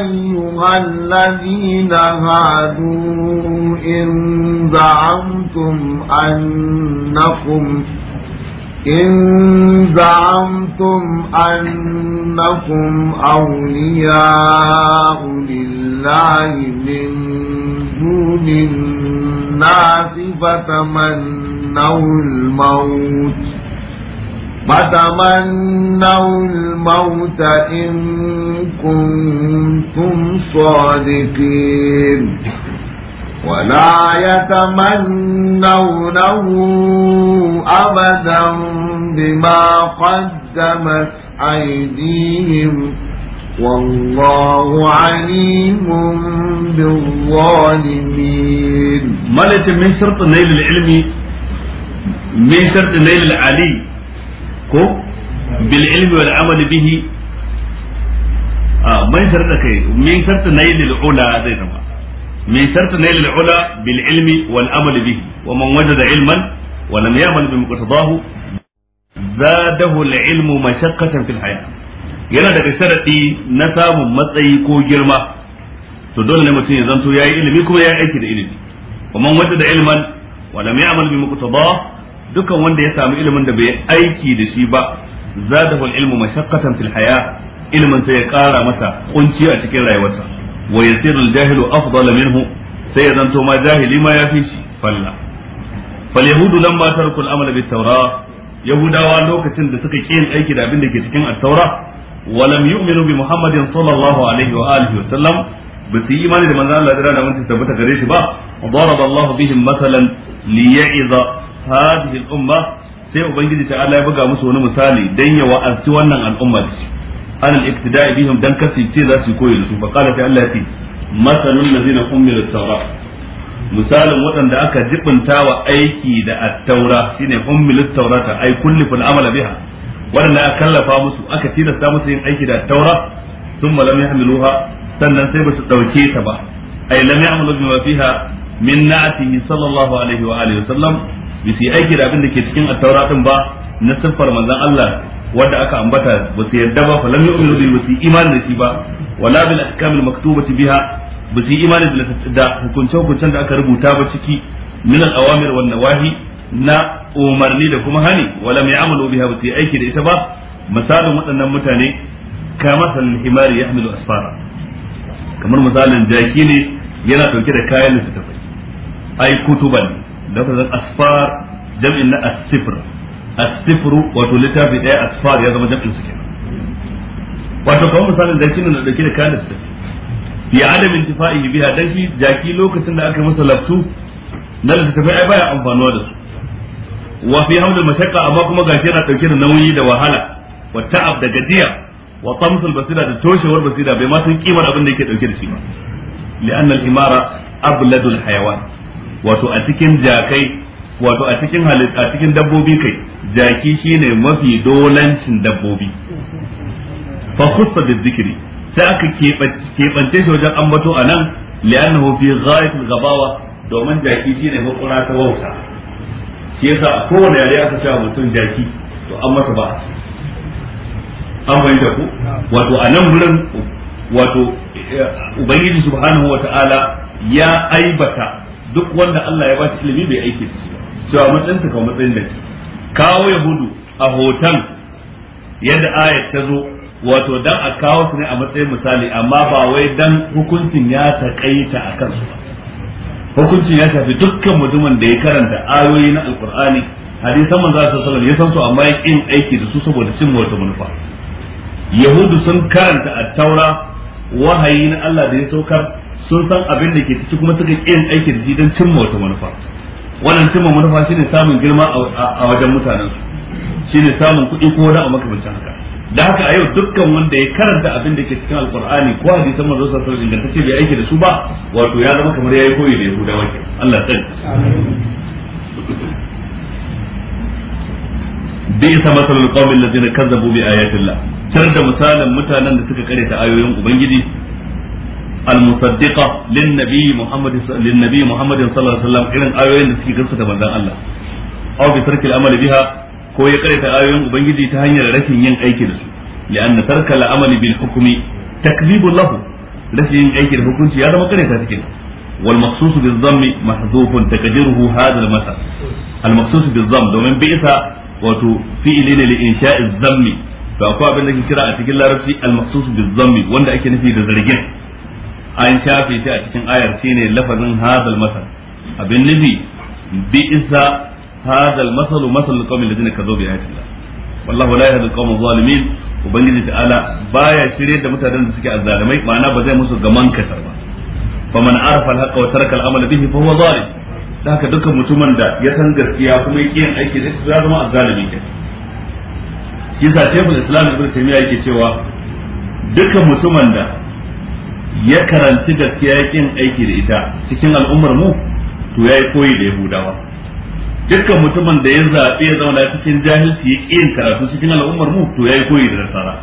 أيها الذين هادوا إن زعمتم أنكم إن زعمتم أنكم أولياء لله من دون الناس فتمنوا الموت فتمنوا الموت إن كنتم صادقين ولا يتمنونه أبدا بما قدمت أيديهم والله عليم بالظالمين مالت من شرط نيل العلم من شرط نيل العلي كو بالعلم والعمل به آه من شرط كي من شرط نيل العلا زي min sharti nail al-ula bil ilmi wal amal bihi wa man wajada ilman wa lam ya'mal bi muqtadahu yana daga sharaɗi na samun matsayi ko girma to dole ne mutum ya zanto yayi ilimi kuma yayi aiki da ilimi wa man wajada ilman wa lam ya'mal dukan wanda ya sami ilimin da bai aiki da shi ba zadahu al-ilmu mashaqqatan ilimin sai ya ƙara masa kunci a cikin rayuwarsa wa yasiru al-jahilu afdala minhu sai ya zanto ma jahili ma ya fi shi falla fal yahudu lamma tarku al-amala bit tawra yahudawa lokacin da suka ki kiyin aiki da abin da ke cikin at-taura wa lam yu'minu bi muhammadin sallallahu alaihi wa alihi wa sallam ba su yi imani da manzo Allah da mun tabbata gare shi ba ضرب الله بهم مثلا ليعظ هذه الامه sai ubangiji ta Allah buga musu wani misali dan ya wa'azci wannan al'umma da an al-iqtida'i bihim dan kasi ce za su koyi da su fa qala ta Allah ya ce masalul ladina misalin waɗanda aka jibinta wa aiki da at-taura shine ummilu tawrata ay kullifu al-amala biha waɗanda aka kallafa musu aka tilasta musu yin aiki da at-taura thumma lam yahmiluha sannan sai basu su ta ba ay lam ya'malu bima fiha min na'atihi sallallahu alaihi wa wa sallam aiki da abin da ke cikin at-taura din ba na siffar manzon Allah wanda aka ambata ba su yarda ba falan yu'minu bil musi imanin da shi ba wala bil ahkam al maktubati biha ba su imanin da hukunce hukuncen da aka rubuta ba ciki min al awamir wan nawahi na umarni da kuma hani wala mai amalu biha ba su yi aiki da ita ba misalin waɗannan mutane kamar salin himari ya hamilu asfara kamar misalin jaki ne yana dauke da kayan littattafai ai kutuban da ka zan asfar jam'in na asifra asifru wato littafi daya asfar ya zama jam'in suke. wato kamar misalin da ne na ɗauke da kayan su fi adam intifa'i biha dan shi jaki lokacin da aka masa laftu na littafai ai baya amfanuwa da su wa fi hamdul mashaqqa amma kuma gashi yana dauke da nauyi da wahala wa ta'ab da gajiya wa tamsul basira da toshewar basira bai ma san kimar abin da yake dauke da shi ba li'anna al-imara abladul hayawan wato a cikin jakai wato a cikin a cikin dabbobi kai jaki shine mafi dolancin dabbobi fa khussa bi dhikri sai aka keɓance shi wajen ambato a nan li'annahu fi ghayatil gabawa domin jaki shine makura ta wauta shi yasa a kowane yare aka cewa mutum jaki to an masa ba an fahimta ku wato a nan wurin wato eh, ubangiji subhanahu wata'ala ya aibata duk wanda Allah ya ba shi ilimi bai aike shi ba cewa matsayin ka matsayin da kawo yahudu a hoton yadda ayat ta zo wato dan a kawo su ne a matsayin misali amma ba wai dan hukuncin ya taƙaita a kansu ba. hukuncin ya tafi dukkan mutumin da ya karanta ayoyi na alkur'ani hadisan manzo sallallahu alaihi ya san su amma ya kin aiki da su saboda cin wata manufa yahudu sun karanta a taura wahayi na Allah da ya saukar sun san abin da ke ciki kuma suka kin aiki da shi don cin wata manufa wannan cimma manufa shine samun girma a wajen mutanen su shine samun kuɗi ko wani a makamancin haka da haka a yau dukkan wanda ya karanta abin da ke cikin alkur'ani ko hadisan manzo sallallahu alaihi wasallam bai aiki da su ba wato ya zama kamar yayi koyi da yahudawa ke Allah isa masalul مثل القوم الذين bi بآيات الله ترد misalan mutanen da suka kare ta ayoyin ubangiji Almusadika musaddiqa lin nabi Muhammad lin nabi Muhammad sallallahu alaihi wasallam irin ayoyin da suke gaskata manzon Allah aw bi tarkil amali biha ko ya karanta ayoyin ubangiji ta hanyar rashin yin aiki da su li'anna tarka al-amali bil hukmi takdhibu lahu rashin yin aiki da hukunci ya cikin والمخصوص بالضم محذوف تقديره هذا المثل المخصوص بالضم دومين بئس wato fi'ili ne li'insha'i zammi to akwai abin da kira a cikin larabci al-maqsus bi zammi wanda ake nufi da zargin an shafe shi a cikin ayar shi ne lafazin hadal masal abin nufi bi isa hadal masal masal qawmin ladina kazo bi ayati Allah wallahu la yahdi al zalimin ubangiji ta'ala baya shirye da mutanen da suke azzalimai ma'ana ba zai musu gaman kasar ba faman arafa al-haqqa wa taraka al-amala bihi fa huwa zalim da haka dukkan mutumin da ya san gaskiya kuma yake yin aiki da shi zama azzalimi ke shi sa shaykhul islam ibnu taymiya yake cewa dukkan mutumin da ya karanci gaskiya ya kin aiki da ita cikin al'ummar mu to yayi koyi da yahudawa dukkan mutumin da ya zaɓi ya zauna cikin jahilci ya ƙi karatu cikin al'ummar mu to yayi koyi da nasara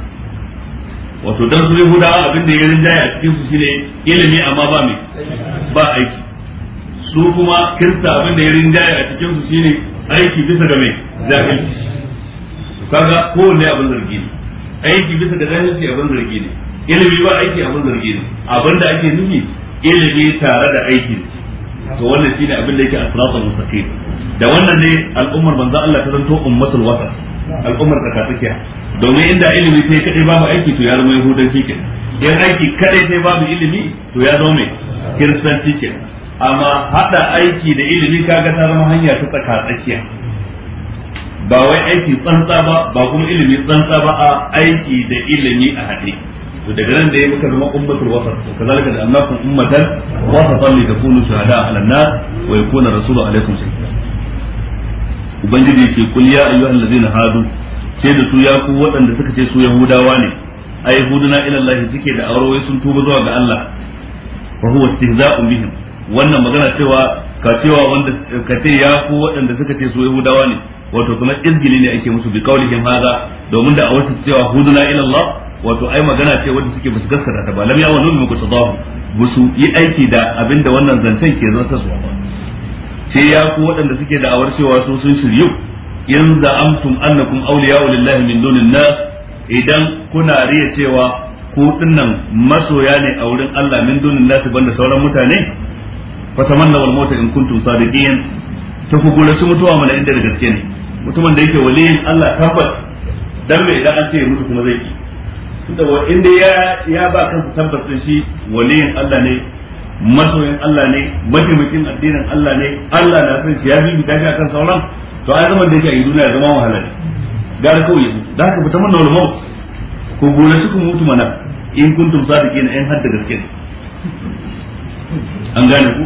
wato dan su yahudawa abin da ya rinjaye a cikin su shine ilimi amma ba mai ba aiki su kuma kirista abin da ya rinjaye a cikin su shine aiki bisa ga mai jahilci kaga kowanne abin zargi ne aiki bisa ga jahilci abin zargi ne ilimi ba aiki abin zargi ne abin da ake nufi ilimi tare da aiki to wannan shi ne abin da yake asratul mustaqim da wannan ne al'ummar manzo Allah ta zanto ummatul wasat al'ummar da ta tsakiya domin inda ilimi sai kadai babu aiki to ya zama yahudanci ke in aiki kadai sai babu ilimi to ya zama mai kiristanci ke amma hada aiki da ilimi kaga ta zama hanya ta tsaka tsakiya ba wai aiki tsantsa ba ba kuma ilimi tsantsa ba a aiki da ilimi a haɗe daga nan da ya muka zama ummatul wasat kazalika da annakum ummatan wasatan li takunu shuhada ala nas wa yakuna rasulu alaikum shahida ubangiji yake kul ya ayyuhal ladina hadu sai da su ya ku waɗanda suka ce su yahudawa ne ai huduna ila Allah suke da aure sun tuba zuwa ga Allah fa huwa istihza'un bihim wannan magana cewa ka cewa wanda ka ce ya ku waɗanda suka ce su yahudawa ne wato kuma izgili ne ake musu bi kaulihim haza domin da a wata cewa huduna ila Allah wato ai magana ce wanda suke musu gaskata ta ba lam ya wani mu kutadahu musu yi aiki da abinda wannan zancen ke zanta su ba sai ya ku waɗanda suke da awar cewa su sun shiryu in za amtum annakum awliya lillahi min dunin nas idan kuna riya cewa ku dinnan masoya ne a wurin Allah min dunin nas banda sauran mutane fa tamanna wal mauta in kuntum sadiqin ta ku gura su mutuwa mana inda da gaske ne mutumin da yake waliyin Allah tabbas dan me idan an ce mutu kuma zai ki tunda wa inda ya ya ba kansa tabbacin shi waliyin Allah ne masoyin Allah ne mataimakin addinin Allah ne Allah na san shi ya bi ta shi kan sauran to ai zaman da yake a duniya zama wahala ne gara kawai yanzu da ka fita mun ulama ko gona su ku mutu mana in kuntum sadiqina in hadda gaske an gane ku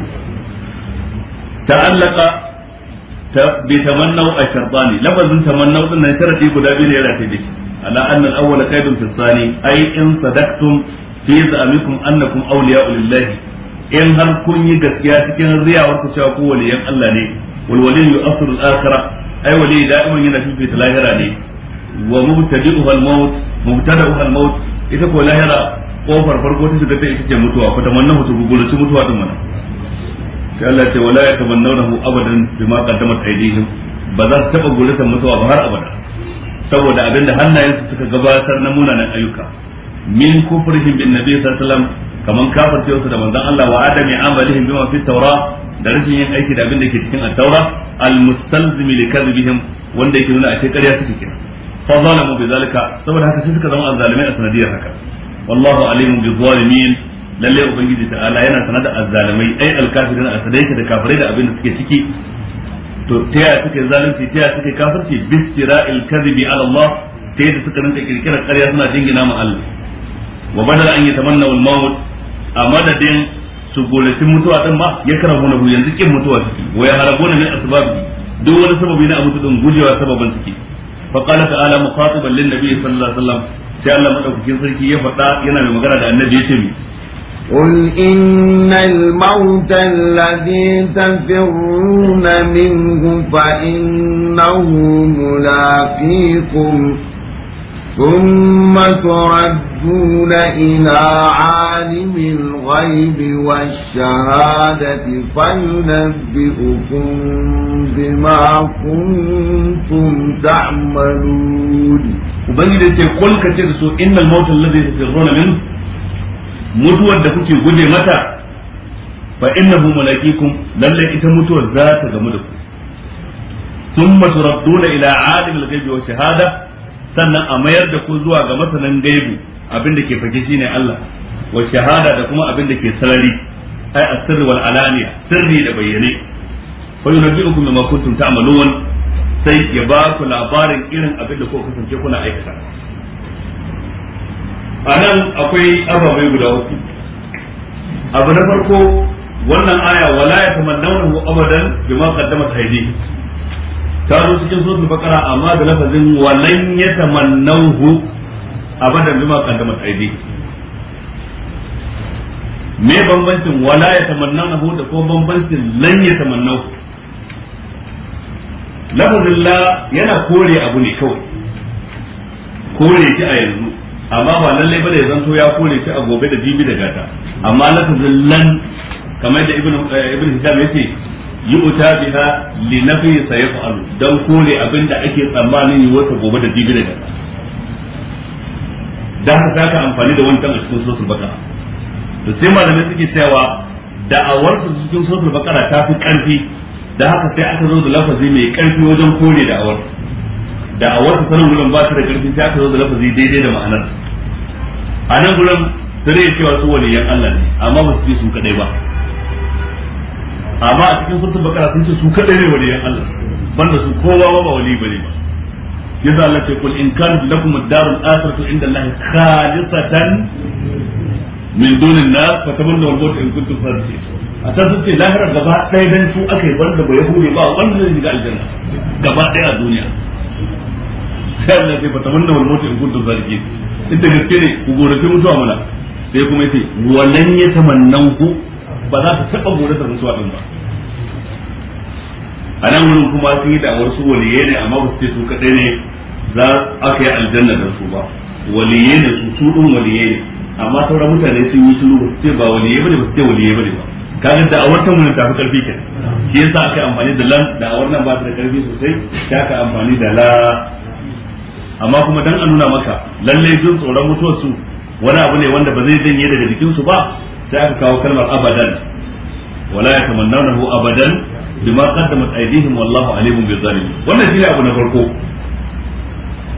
ta'allaqa bi tamannau ashartani lafazin tamannau din nan sharadi guda biyu ne yana tabe shi ala anna al-awwala kaydun fi thani ay in sadaqtum fi za'amikum annakum awliya'u lillahi in har kunyi yi gaskiya cikin riyawar ku cewa ku waliyan Allah ne wal waliyyu asrul akhirah ai wali da'iman yana fifita lahira ne wa mubtadi'uha al-maut mubtada'uha al-maut ita ko lahira kofar farko ta shiga ita ce mutuwa ko ta manna mutu gugulaci mutuwa mana abadan ba za su taba gulatan mutuwa ba har abada saboda abin da hannayensu suka gabatar na munanan ayyuka min kufrihim bin nabi sallallahu alaihi wasallam kaman kafircewarsu da manzon Allah wa adami amalihim bima fi tawra da rashin yin aiki da abin da ke cikin at-taura al-mustalzimi li kadhibihim wanda yake nuna a cikin ƙarya suke kenan fa zalamu bi zalika saboda haka sai suka zama azzalimai a sanadiyar haka wallahu alimun bi zalimin lalle ubangiji ta'ala yana sanar da azzalimai ai al-kafirin a sadaika da kafirai da abin da suke ciki to ta yaya suke zalunci ta yaya suka kafirci bistira'il kadhibi ala Allah ta yadda suka rinka kirkirar ƙarya suna jingina ma Allah wa badala an yatamanna al maut a madadin su golatin mutuwa din ma ya karahuna hu yanzu kin mutuwa suke wa ya harabuna min asbabi duk wani sababi na abu din gujewa sababan ciki fa qala ta'ala muqatiban lin nabiy sallallahu alaihi wasallam sai Allah madaukakin sarki ya faɗa yana mai magana da annabi ya ce قل إن الموت الذي تفرون منه فإنه ملاقيكم ثم تردون إلى عالم الغيب والشهادة فينبئكم بما كنتم تعملون وبنجد قل كتير إن الموت الذي تفرون منه mutuwar da kuke guje mata fa innahu malakikum lalle ita mutuwar za ta gamu da ku thumma turadduna ila alim al-ghaibi wa shahada sannan a mayar da ku zuwa ga masanin gaibi abin da ke fage shine Allah wa shahada da kuma abin da ke sarari ai asirri wal alaniya sirri da bayyane fa yunabbi'ukum bima kuntum ta'malun sai ya ba ku labarin irin abin da kuka kasance kuna aikata a nan akwai ababai guda uku abu na farko wannan aya wala ya mu abadan kaddama ta haydi ta zo cikin suratul bakara amma da lafazin walan ya tamannahu abadan kaddama ta haydi me bambancin wala ya tamannahu da ko bambancin lan ya tamannahu lafazin la yana kore abu ne kawai kore ki a yanzu amma ba lalle ba da zanto ya kore shi a gobe da bibi da gata amma lafazin lan kamar da ibn eh, ibnu hisham yace yu'ta biha li nafi sayfa'alu dan kore abinda ake tsammanin yi wata gobe da bibi da gata da haka ka amfani da wannan a cikin suratul baqara to sai malamai suke cewa da'awar su cikin suratul baqara ta fi karfi da haka sai aka zo da lafazi mai karfi wajen kore da'awar su da a wasu sanin gurin ba su da karfi sai aka zo da lafazi daidai da ma'anar a nan gurin sai ya cewa su wani yan Allah ne amma ba su fi su kadai ba amma a cikin surtun bakara sun ce su kadai ne wani yan Allah banda su kowa ba wani bane ba za Allah ce kul in kan lakum ad-darul akhiratu inda Allah khalisatan min dunin nas fa tabanna wal mawt in kuntum sadiqin a ta suke lahirar gaba ɗaya dan su aka yi banda ba yahudi ba wanda zai shiga aljanna gaba ɗaya a duniya sha Allah sai fa tamanna wal mautu in kuntum sadiqin inda gaske ne ku gorafi mutuwa mana sai kuma yace walan yatamannahu ba za ta taba gorata mutuwa din ba a nan wurin kuma sun yi da'awar su waliye ne amma ba su ce su kadai ne za aka yi aljanna da su ba waliye ne su su ɗin waliye ne amma sauran mutane sun yi shiru ba su ce ba waliye ba ne ba su ce waliye ba ne ba kaga da'awar ta mun tafi karfi kenan shi yasa aka amfani da lan da'awar nan ba ta da karfi sosai ta aka amfani da la amma kuma dan a nuna maka lallai jin tsoron mutuwar su wani abu ne wanda ba zai janye daga jikin su ba sai aka kawo kalmar abadan wala yatamannawnahu abadan bima qaddamat aydihim wallahu alimun bil wannan shine abu na farko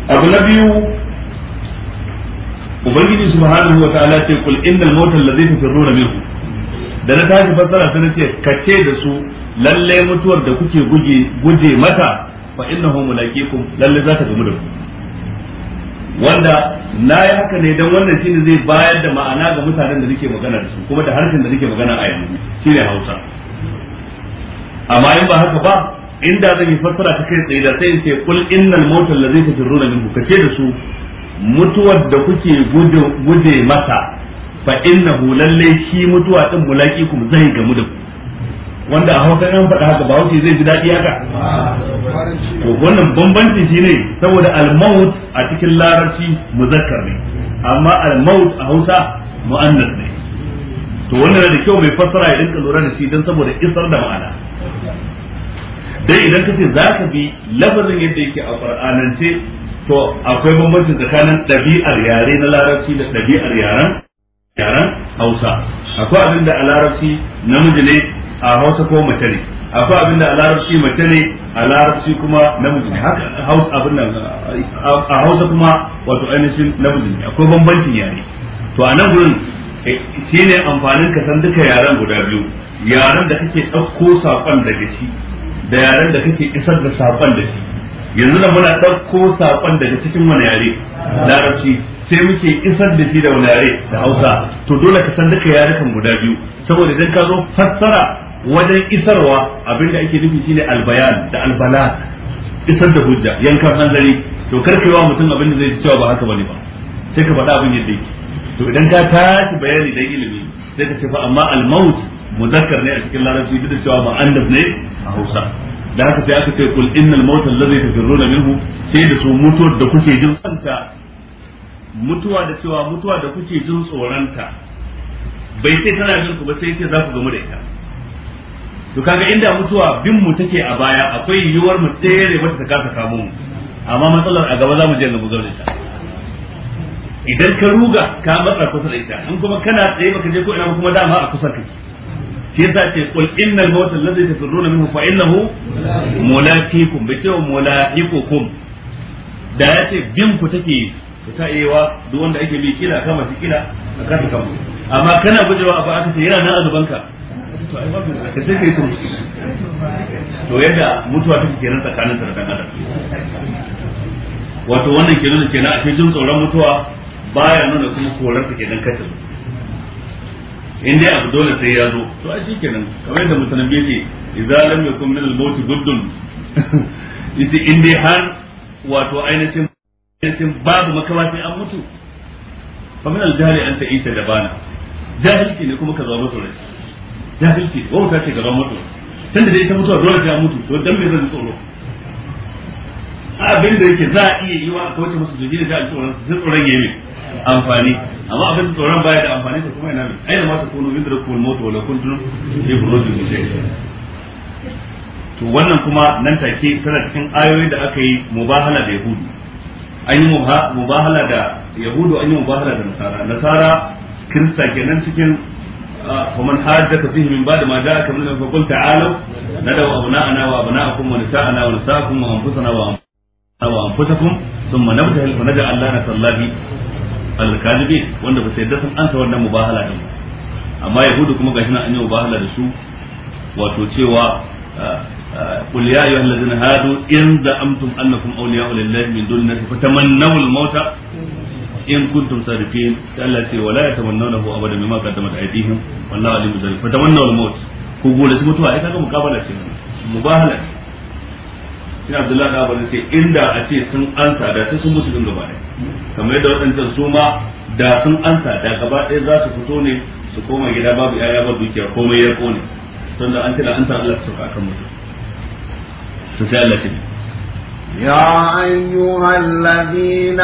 abu na biyu ubangiji subhanahu wa ta'ala ce kul innal mawta alladhi tafirruna minhu da na tashi fassara sai nace kace da su lalle mutuwar da kuke guje guje mata fa innahu mulaqikum lalle za ta gamu da ku wanda na yi haka ne don wannan shine zai bayar da ma'ana ga mutanen da nake magana da su kuma da harshen da nake magana a yanzu shine Hausa amma in ba haka ba inda zan yi fassara ta kai tsaye da sai in ce kul innal mautal ladzi tajruna minhu kace da su mutuwar da kuke guje masa fa innahu lalle shi mutuwa din mulaki kuma zai gamu da ku wanda a hausa yan faɗa haka ba wuce zai ji daɗi haka to wannan bambanci shi ne saboda al a cikin larabci muzakkar ne amma al a hausa mu'annas ne to wannan da kyau mai fassara ya dinka lura da shi dan saboda isar da ma'ana dai idan kace zaka bi lafazin yadda yake a qur'anance to akwai bambanci tsakanin ɗabi'ar yare na larabci da ɗabi'ar yaren yaren hausa akwai abinda a larabci namiji ne a hausa ko mace ne akwai abin da a larabci mace ne a larabci kuma namiji ne haka hausa abin nan a hausa kuma wato ainihin namiji ne akwai bambancin yare to a nan gurin eh, ne amfanin ka san duka yaren guda biyu yaren da kake ɗauko saƙon daga shi da yaren da kake isar da saƙon da shi yanzu da muna ɗauko saƙon daga cikin wani yare larabci sai muke isar da shi da wani yare da hausa to dole ka san duka kan guda biyu saboda idan ka zo fassara wajen isarwa abinda ake nufi shine albayan da albala isar da hujja yankan hanzari to karkewa mutum abinda zai cewa ba haka bane ba sai ka faɗa abin yadda yake to idan ka tashi bayani dan ilimi sai ka ce fa amma al-maut muzakkar ne a cikin larabci duk da cewa mu'annas ne a Hausa da haka sai aka ce kul innal mauta allazi tafirruna minhu sai da su mutuwar da kuke jin tsanta mutuwa da cewa mutuwa da kuke jin tsoranta bai sai tana jin ku ba sai ce za ku gamu da ita to kaga inda mutuwa bin mu take a baya akwai yiwuwar mu tsere wata ta kasa kamo mu amma matsalar a gaba za mu je mu da ita. idan ka ruga ka matsa kusa da ita in kuma kana tsaye baka je ko ina kuma dama a kusa kai shi yasa ce qul innal mawt alladhi tafirruna minhu fa innahu mulaqikum bi tawm mulaqikum da yace bin ku take ku ta ewa duk wanda ake bi kila kama shi kila a kasa kama amma kana gujewa abu aka ce yana nan a ka to da to yadda mutuwa ta kenan tsakanin ta da dan adam wato wannan ke nuna kenan ashe jin tsoron mutuwa baya nuna kuma koran ta kenan kacin in dai abu dole sai ya zo to a shi kenan kamar yadda mutanen biyu ce idza lam yakun min al-maut buddun yace in dai har wato ainihin ainihin babu makawa sai an mutu fa min al-jahli an ta'isha da bana jahilci ne kuma ka zama tsoron jahilci wa ta ce gaban mutu tun da dai ta mutuwa dole ta mutu to dan me zan tsoro abin da yake za a iya yi wa aka wuce musu zuji da jahilci tsoron sai tsoron yayi amfani amma abin da tsoron baya da amfani ta kuma yana mai aina masu ta kono da kuma mutu wala kuntum ibrozul mutai to wannan kuma nan take tana cikin ayoyi da aka yi mubahala da yahudu an yi mubahala da yahudu an yi mubahala da nasara nasara kirista kenan cikin فمن حاجك فيه من بعد ما جاءك من فقل تعالوا ندعو أبناءنا وأبناءكم ونساءنا ونساءكم وأنفسنا وأنفسكم ثم نبتهل فنجعل لعنة الله alkalibi wanda ba sai da sun ansa wannan mubahala din amma yahudu kuma gashi nan an yi mubahala da su wato cewa qul ya ayyuhal ladina hadu in za'amtum annakum awliya'u lillahi min duni nasi fatamannaw in kuntum sadiqin sai Allah ce wala abada mimma qaddamat aydihim wallahu alim bil fa al maut ku su mutuwa ai kaga mukabala ce mubahala sai Abdullah da Abu inda a ce sun ansa da sai sun kamar yadda su ma da sun ansa da gaba ɗaya za su fito ne su koma gida babu yaya ba dukiya komai ya kone an an Allah su ka kan mutu sai Allah يا أيها الذين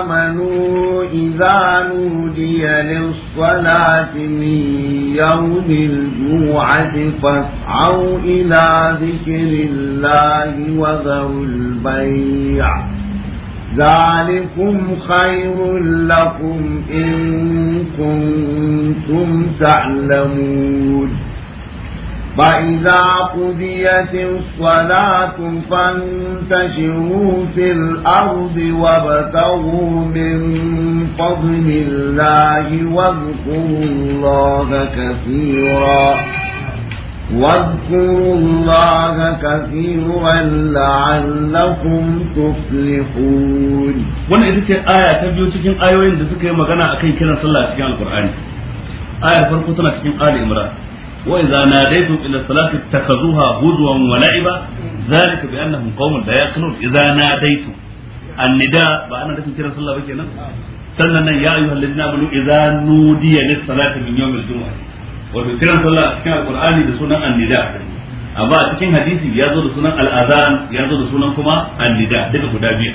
آمنوا إذا نودي للصلاة من يوم الجوعة فاسعوا إلى ذكر الله وذروا البيع ذلكم خير لكم إن كنتم تعلمون فإذا قضيت الصلاة فانتشروا في الأرض وابتغوا من فضل الله واذكروا الله كثيرا واذكروا الله كثيرا لعلكم تفلحون وانا اذا كان آية تبدو تكين آيوين دسوك يوم أغنى أكين كنا صلى الله عليه وسلم القرآن آية فرقتنا تكين آل إمرأة wa idza nadaytum ila salati takhazuha huzwan wa la'iba zalika bi annahum qaumun la yaqilun idza nadaytum annida ba ana da kiran sallah ba sannan nan ya ayyuhal ladina amanu idza nudiya lis salati min yawmil jumu'ah wato kiran sallah cikin alqur'ani da sunan annida amma a cikin hadisi ya zo da sunan al'azan ya zo da sunan kuma annida duka guda biyu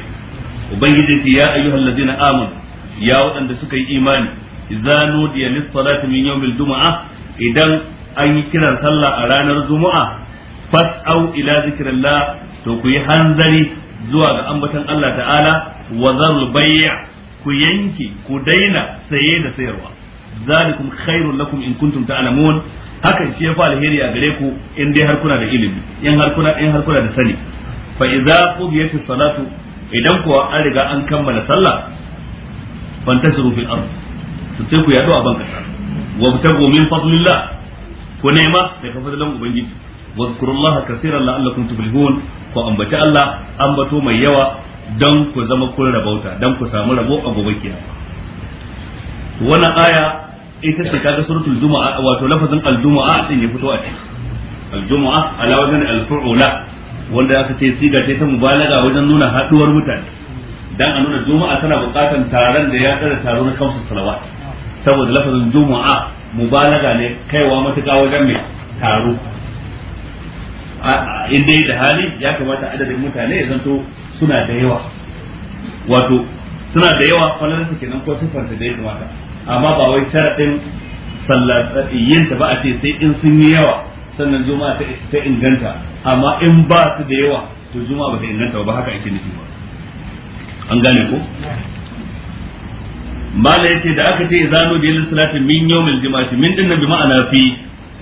ubangiji ce ya ayyuhal ladina ya waɗanda suka yi imani idza nudiya min idan an yi kiran sallah a ranar juma'a au ila zikrillah to ku yi hanzari zuwa ga ambaton Allah ta'ala wa zarul bay'a ku yanki ku daina saye da sayarwa zalikum khairul lakum in kuntum ta'lamun hakan shi ya yafi alheri a gare ku in dai har kuna da ilimi in har kuna in har kuna da sani fa idza qudiyat salatu idan kuwa an riga an kammala sallah fantasiru fil ard to sai ku yado a ban kasa wabtagu min fadlillah ku nema daga fadalan ubangiji wadkurullaha kaseeran la'allakum tuflihun ku ambaci Allah ambato mai yawa dan ku zama kun rabauta dan ku samu rabo a gobe kiyama wannan aya ita ce kaga suratul juma'a wato lafazin al-juma'a din ya fito a ciki al-juma'a ala wajen al-fu'ula wanda aka ce siga ta ta mubalaga wajen nuna haduwar mutane dan a nuna juma'a tana bukatan taron da ya tsara taron na kamsu salawat saboda lafazin juma'a mubalaga ne kaiwa matuƙa wajen mai taro in dai da hali ya kamata adadin mutane ya zanto suna da yawa wato suna da yawa falalarsa kenan ko siffarta da ya kamata amma ba wai sharaɗin sallatsiyinta ba a ce sai in sun yi yawa sannan juma ta inganta amma in ba su da yawa to zuma ba ta inganta ba haka ake nufi ba an gane ko mala yace da aka ce zanu bi lissalati min yawmil juma'ati min dinna bi ma'ana fi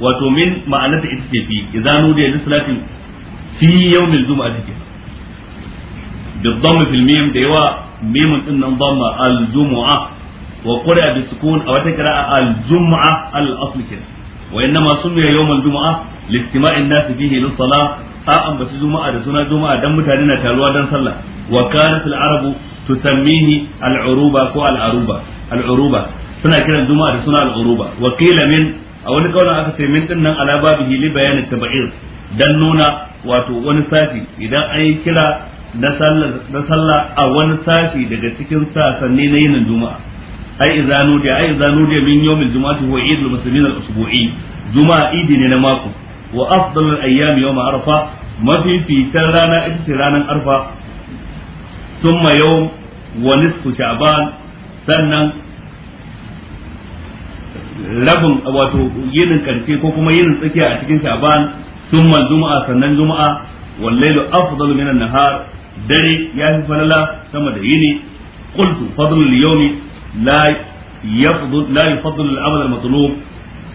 wato min ma'anata ita ce fi izanu da lissalati fi yawmil juma'ati ke bi dhamm fil mim da yawa mimun din nan dhamma al jumu'a wa qira bi sukun aw ta qira al jumu'a al asl ke wa innama sumiya yawmal jumu'a li istima'in nas fihi lis salah a ambaci juma'a da suna juma'a dan mutane na taruwa dan sallah wa kanat al arabu tusammihi al'uruba ko al'aruba al'uruba suna kiran juma'a da suna al'uruba wakilamin a wani kaulan aka ce min dinnan ala babihi li bayanin tab'ir dan nuna wato wani sashi idan an kira na sallah a wani sashi daga cikin sasanni na yin juma'a ai idza nudiya ai idza nudiya min yawmil jumu'ati huwa idul muslimin al-usbu'i juma'a idi ne na mako wa afdalul ayyami yawm arfa mafificin rana ita ce ranar arfa thumma yawm wa nisfu sha'ban sannan rabin wato yinin karshe ko kuma yinin tsakiya a cikin sha'ban summa juma'a sannan juma'a wal afdalu minan nahar dare ya fi falala sama da yini qultu fadlu al-yawmi la yafdul la yafdul al-amal al-matlub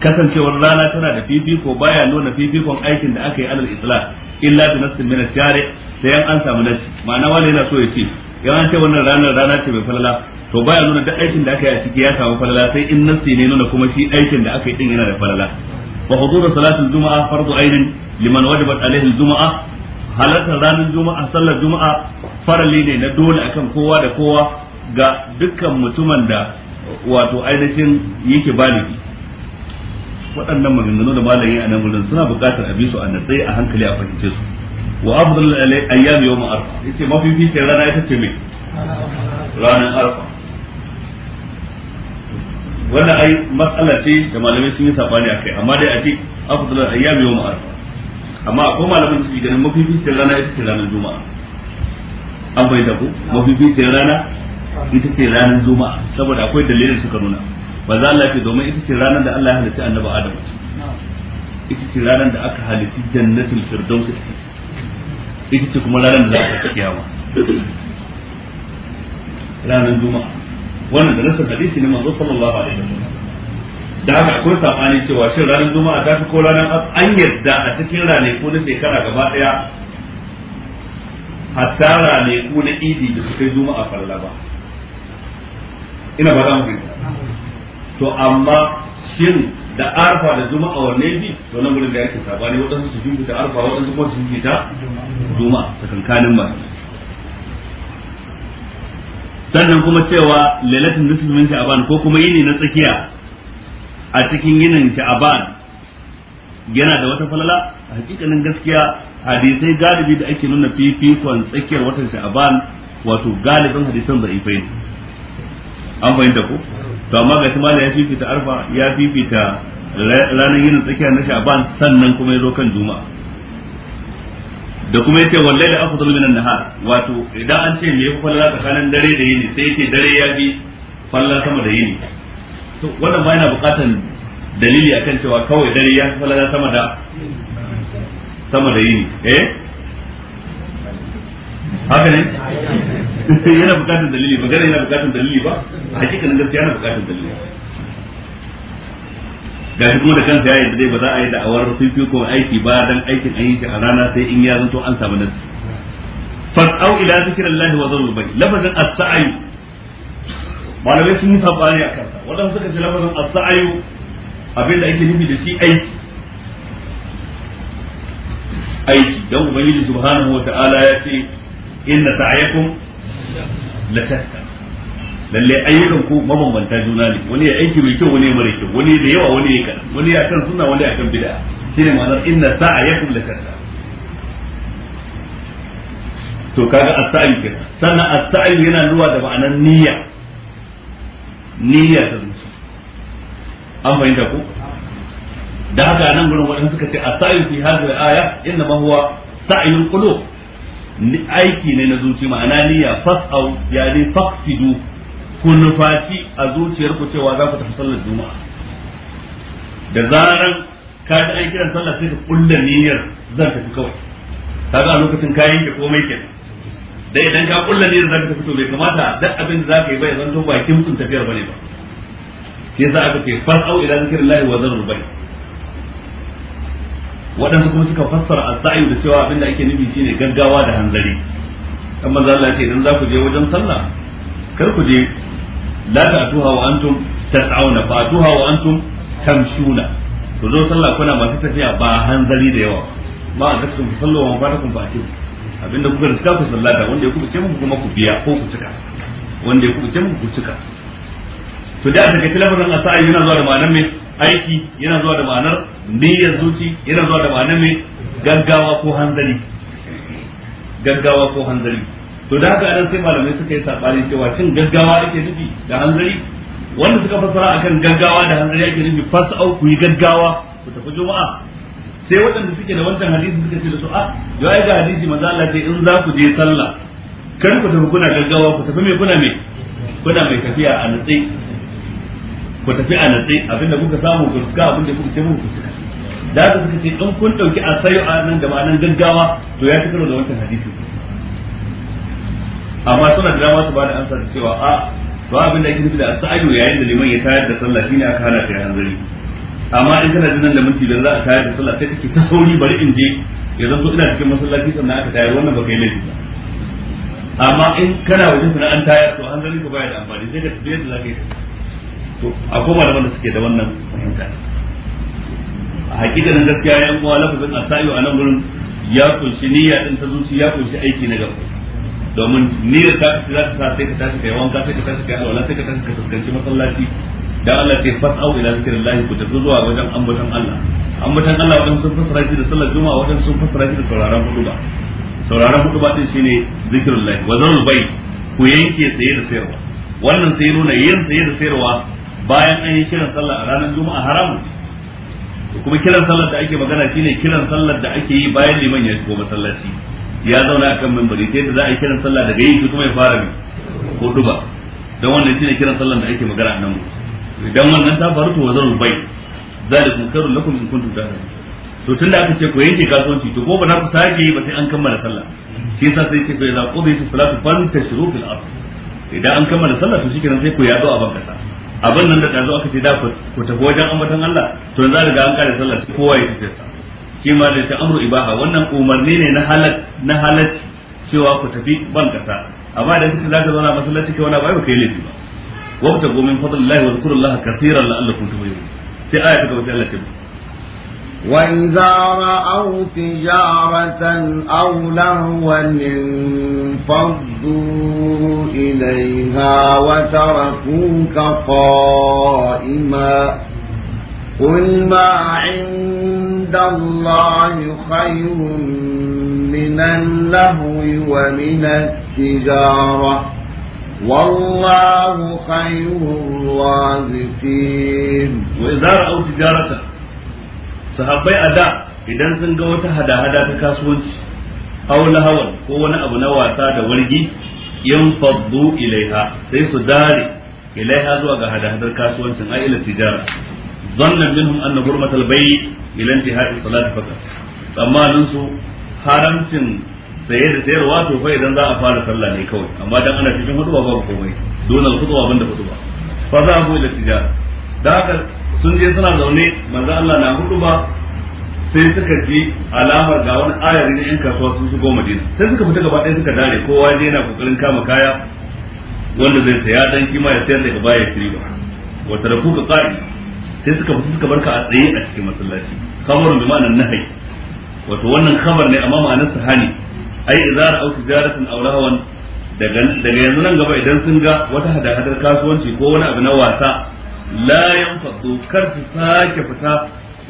kasancewar rana tana da fifiko baya nuna fifikon aikin da aka yi alal islah illa bi nassin min ash-shari' sai an samu nasi ma'ana wani yana so ya ce yawan ce wannan ranar rana ce mai falala to baya nuna duk aikin da aka yi a ciki ya samu falala sai in nasi ne nuna kuma shi aikin da aka yi din yana da falala wa huduru salatul juma'a fardu ainin liman wajibat alaihi juma'a halartar ranar juma'a sallar juma'a farali ne na dole akan kowa da kowa ga dukkan mutumin da wato ainihin yake baligi waɗannan maganganu da malayi a nan gudun suna buƙatar a bi su a natsai a hankali a fahimce su wa afdal ayyam yawm arfa yace mafi fice rana ita ce me ranar arfa wannan ai matsala ce da malamai sun yi sabani akai amma dai a ce afdal ayyam yawm arfa amma ko malamin su ganin mafi fice rana ita ce rana juma'a an bai da ku mafi fice rana ita ce ranar juma'a saboda akwai dalilin suka nuna ba za Allah ce domin ita ce ranan da Allah ya halitta annabi Adam ita ce ranan da aka halitta jannatul firdausi ita ita ce kuma ranar da za ta kiyama ranar juma wannan da nasar hadisi ne manzo sallallahu alaihi wasallam da haka akwai sabani cewa shin ranar juma a tafi ko ranar an yarda a cikin ko na shekara gaba daya hatta ku na idi da suka yi a farla ba ina ba za mu to amma shin da arfa da juma'a wanne bi to nan gurin da yake sabani wadansu su jinki ta arfa wadansu kuma su jinki ta juma'a tsakankanin ba sannan kuma cewa lailatul nisfi min sha'ban ko kuma yini na tsakiya a cikin yinin sha'ban yana da wata falala a hakikanin gaskiya hadisai galibi da ake nuna fifikon tsakiyar watan sha'aban wato galibin hadisan za'ifai fahimta an fahimta ko to amma ga malam ya fifita arfa ya fifita ranar yinin tsakiyar na sha'ban sannan kuma ya zo kan juma'a da kuma yace wallahi la afdalu minan nahar wato idan an ce me yafi falala tsakanin dare da yini sai yace dare ya bi falala sama da yini to wannan ba yana bukatan dalili akan cewa kawai dare ya fi falala sama da sama da yini eh haka ne yana bukatar dalili magana yana bukatar dalili ba a hakikanin gaskiya yana bukatar dalili ga kuma da kansa ya yi dai ba za a yi da'awar fifikon aiki ba dan aikin an yi shi a rana sai in ya zanto an samu nasi fas'au ila zikrillah wa zarul bai lafazin as-sa'i malamai sun yi sabani a kansa wadanda suka ce lafazin as-sa'i abinda ake nufi da shi aiki aiki dan ubangiji subhanahu wa ta'ala ya ce inna sa'yakum la taska lalle ayyukan ku mabambanta juna ne wani ya aiki mai kyau wani mara kyau wani da yawa wani ya kada wani ya kan suna wani ya kan bid'a shine ma'anar inna sa'yakum la taska to kaga as-sa'i kenan sannan as-sa'i yana zuwa da ma'anar niyya niyya ta zuci an fahimta ko da haka nan gurin wadanda suka ce as-sa'i fi hadhihi al-aya inna ma huwa sa'yul qulub aiki ne na zuci ma'ana niyya fas'au ya ne faqsidu ku nufaci a zuciyar ku cewa za ku tafi sallar juma'a da zaran ka ji an kiran sallah sai ka kulla niyyar zan tafi kawai kaga a lokacin ka yanke komai kenan da idan ka kulla niyyar zan tafi to bai kamata duk abin da ka yi bai zan zanto bakin sun tafiyar bane ba sai za ka ce fas'au ila zikrillahi wa zarru bai waɗansu kuma suka fassara a sayu da cewa abinda ake nufi shine gaggawa da hanzari kan manzo Allah ce idan za ku je wajen sallah kar ku je la ta'tuha wa antum tas'auna tuha wa antum tamshuna ku zo sallah kuna masu tafiya ba hanzari da yawa ba a gaskun ku sallo wa fatakum ba ce abinda kuka riska ku sallata wanda ya kuka ce muku kuma ku biya ko ku cika wanda ya kuka ce muku ku cika to da aka kai a asa'i yana zuwa da ma'anar me aiki yana zuwa da ma'anar niyyar zuci yana zuwa da ma'anar mai gaggawa ko hanzari gaggawa ko hanzari to da haka anan sai malamai suka yi sabanin cewa cin gaggawa ake nufi da hanzari wanda suka fassara akan gaggawa da hanzari ake nufi fasau ku yi gaggawa ku tafi juma'a sai waɗanda suke da wancan hadisi suka ce da su a ah, ai ga hadisi manzo Allah ce in za ku je sallah kar ku tafi kuna gaggawa ku tafi me kuna me kuna mai tafiya a nutse ku tafi a natsi abinda kuka samu ku suka abinda kuka ce muku suka da haka suka ce in kun dauki a sayo a nan da ma'anan gaggawa to ya fi karo da wancan hadisi amma suna da dama su ba da amsa da cewa a ba abin da ake nufi da sa'ayu yayin da liman ya tayar da sallah shine aka hana ta hanzari amma in kana da nan da minti dan za a tayar da sallah sai kake ta sauri bari in je ya zanto ina cikin masallaci sannan aka tayar wannan ba kai laifi ba amma in kana wajen sana'an tayar to zari ka baya da amfani sai ka tafi yadda za ka yi to akwai malaman da suke da wannan fahimta a hakikanin gaskiya yan uwa lafazin asayu a nan wurin ya kunshi niyya din ta zuci ya kunshi aiki na gaba domin niyyar ta za ta sa sai ka tashi kai wanka sai ka tashi kai alwala sai ka tashi ka fuskanci masallaci da Allah ce au ila zikrillahi ku tafi zuwa wajen ambatan Allah ambatan Allah wajen sun fasara shi da sallar juma'a wajen sun fasara shi da sauraron huduba sauraron huduba din shine zikrullahi wa zarul bai ku yanke tsaye da sayarwa wannan sai nuna yin tsaye da sayarwa bayan an yi kiran sallah a ranar juma'a haramun kuma kiran sallar da ake magana shine kiran sallar da ake yi bayan liman ya shigo masallaci ya zauna akan mimbari sai da za a yi kiran sallah daga yin kuma ya fara bi ko duba dan wannan shine kiran sallar da ake magana a nan idan wannan ta faru to wazarul bai zalikum khairul lakum in kuntum ta'lamun to da aka ce ko yanke kasuwanci to ko ba na ku sake ba sai an kammala sallah shi yasa sai ce fa bai su salatu fantashiru fil ardh idan an kammala sallah to shikenan sai ku yado a bankasa abin nan da ɗazu aka ce da ku tafi wajen ambatan Allah to yanzu riga an kare sallah sai kowa ya tafi sa shi ma da amru ibaha wannan umarni ne na halal na halal cewa ku tafi ban kasa amma da kike zaka zauna masallaci kai wani bai ba kai laifi ba waqta gomin fadlillahi wa zikrullahi kaseeran la'allakum tuflihun sai aya ta gaba sai Allah ta وإذا رأوا تجارة أو لهوا انفضوا إليها وتركوك قائما قل ما عند الله خير من اللهو ومن التجارة والله خير الرازقين وإذا رأوا تجارة sahabbai a da idan sun ga wata hada-hada ta kasuwanci aw lahawan ko wani abu na wasa da wargi yan faddu ilaiha sai su dare ilaiha zuwa ga hada-hadar kasuwancin a ila tijara zannan minhum anna hurmatal bai ila intihai salat amma tsammanin su haramcin saye da sayarwa to fa idan za a fara sallah ne kawai amma dan ana cikin hudu ba komai donal hudu abinda hudu ba fa za mu ila tijara da haka sun je suna zaune manzo Allah na hudu ba sai suka ji alamar ga wani ayari ne in kasuwa sun shigo Madina sai suka fita gaba ɗaya suka dare kowa je yana kokarin kama kaya wanda zai saya dan kima ya sayar daga baya shiri ba wa taraku ka qa'i sai suka fita suka barka a tsaye a cikin masallaci khabarun bi ma'anar nahai wato wannan kamar ne amma ma'anar sahani ai idza ra'u tijaratan aw rahwan daga daga yanzu nan gaba idan sun ga wata hada-hadar kasuwanci ko wani abu na wasa la yanfadu kar su sake fita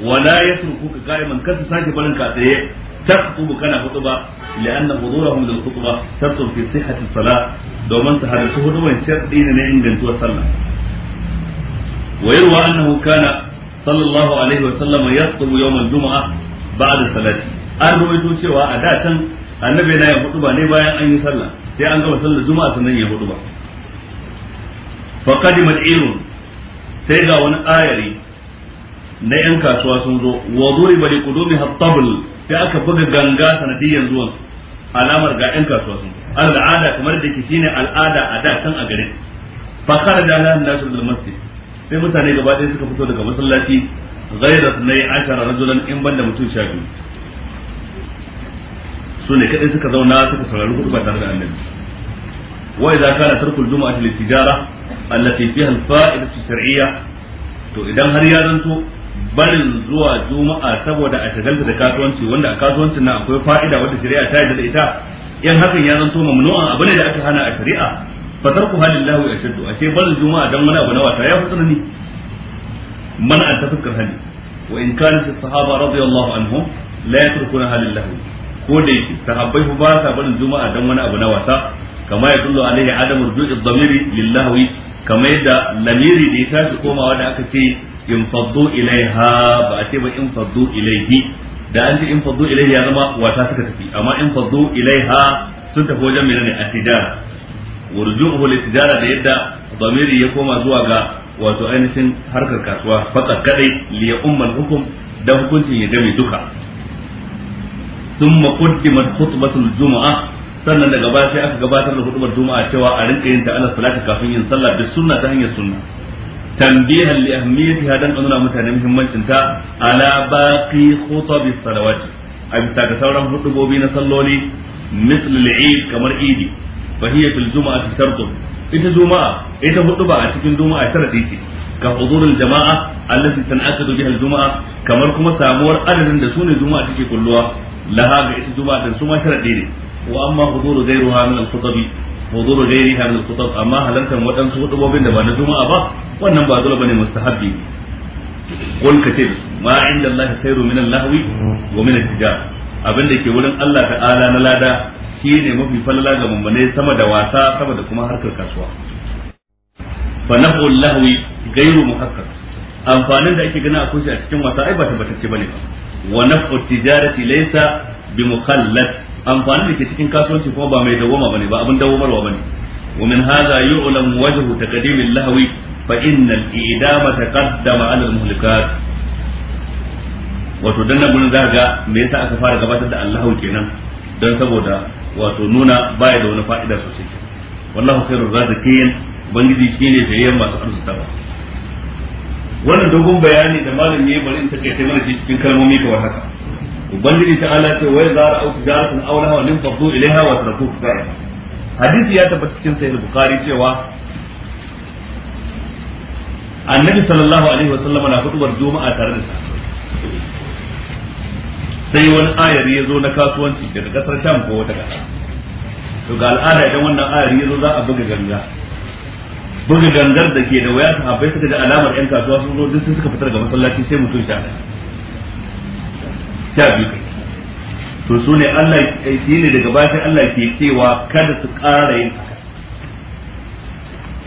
wala yatrukuka qa'iman kar su sake barin ka tsaye تخطب كان خطبة لأن حضورهم للخطبة شرط في صحة الصلاة دومن سهل سهل وإن شرط دين عند وصلى ويروى أنه كان صلى الله عليه وسلم يخطب يوم الجمعة بعد الصلاة أرويت سوى أداة النبي لا يخطب نبايا أن يصلى sai an gama sallar juma'a sannan ya hudu ba faqadimat irun sai ga wani ayari na yan kasuwa sun zo wa duriba li qudumi hattabl sai aka buga ganga sanadiyan zuwan alamar ga yan kasuwa sun al'ada kamar da ke shine al'ada a da kan a garin fa da lana nasu dal masjid sai mutane gaba ɗaya suka fito daga masallaci ghayra sunai ashara rajulan in banda mutum sha biyu su ne kadai suka zauna suka saurari hudu ba tare da annabi وإذا كان ترك الجمعة للتجارة التي فيها الفائدة الشرعية to idan har ya zanto barin zuwa juma'a saboda a shagalta da kasuwanci wanda a kasuwancin na akwai fa'ida wanda shari'a ta yarda da ita in hakan ya zanto mamnu'a abu ne da ake hana a shari'a fatar ku halin lahu ya shaddu ashe barin juma'a dan wani abu na wata ya fi tsanani man an tafakkar hali wa in kana fi sahaba radiyallahu anhum ko da yake sahabbai ba sa dan wani abu na wasa kamar ya dullu alaihi adamu rujui dhamiri lillahi kama yadda lamiri da ya tashi komawa da aka ce in faddu ilaiha ba a ce ba in faddu ilaihi da an ce in faddu ilaihi ya zama wata suka tafi amma in faddu ilaiha sun tafi wajen menene atijara wurjuhu litijara da yadda zamiri ya koma zuwa ga wato ainihin harkar kasuwa fakat kaɗai, li ummal hukum da hukuncin ya game duka ثم قدمت خطبة الجمعة sannan daga baya sai aka gabatar da hudubar juma'a cewa a rinka yin ta ala salati kafin yin sallah bis sunna ta hanyar sunna tanbihan li ahmiyatiha dan nuna mutane muhimmancin ta ala baqi khutab salawat a bisa ga sauran hudubobi na salloli misl al-eid kamar idi fa hiya fil juma'ati ita juma'a ita huduba a cikin juma'a sharadi ce ka huzurul jama'a allati tan'aqadu biha al-juma'a kamar kuma samuwar adadin da sune juma'a take kulluwa laha ga ita juma'a شرد su وأما حضور ne wa amma حضور ghayruha من al أما هل أنت موتن al-khutab amma halartar با hudubobin da ba مستحب juma'a ba wannan ba الله خير من qul ومن التجار inda Allah abinda ke wurin Allah ala na lada shi ne mafi falala ga mummune sama da wasa sama da kuma harkar kasuwa fa naf'ul lahwi gairu muhakkak amfanin da ake gani a kushi a cikin wasa ai ba tabbatacce bane ba wa naf'u tijarati laysa bi mukhallad amfani da ke cikin kasuwanci kuma ba mai dawoma bane ba abin dawomarwa bane wa min hadha yu'lamu wajhu taqdim al-lahwi fa inna al-idama taqaddama 'ala al-muhlikat wato dan nan gurin me yasa aka fara gabatar da Allahu kenan dan saboda wato nuna baya da wani faɗida sosai wallahu khairur raziqin ubangiji shine fiyayyen masu arzikawa wannan dogon bayani da malam ne bari in take mana shi cikin kalmomi wata haka ubangiji ta ala ce wai za ra'au tijaratan aw lahu lim fadu ilaiha wa taraku sa'i hadisi ya tabbata cikin sahih bukhari cewa annabi sallallahu alaihi wa sallam na hutubar juma'a tare da sai wani ayar ya zo na kasuwanci daga kasar sham ko wata kasa to ga al'ada idan wannan ayar ya zo za a buga ganga bugu gangar da ke da waya sahabbai suka da alamar yan kasuwa sun zo duk sun suka fitar ga masallaci sai mutum sha sha biyu to su ne Allah shi ne daga bashi Allah ke cewa kada su ƙara yin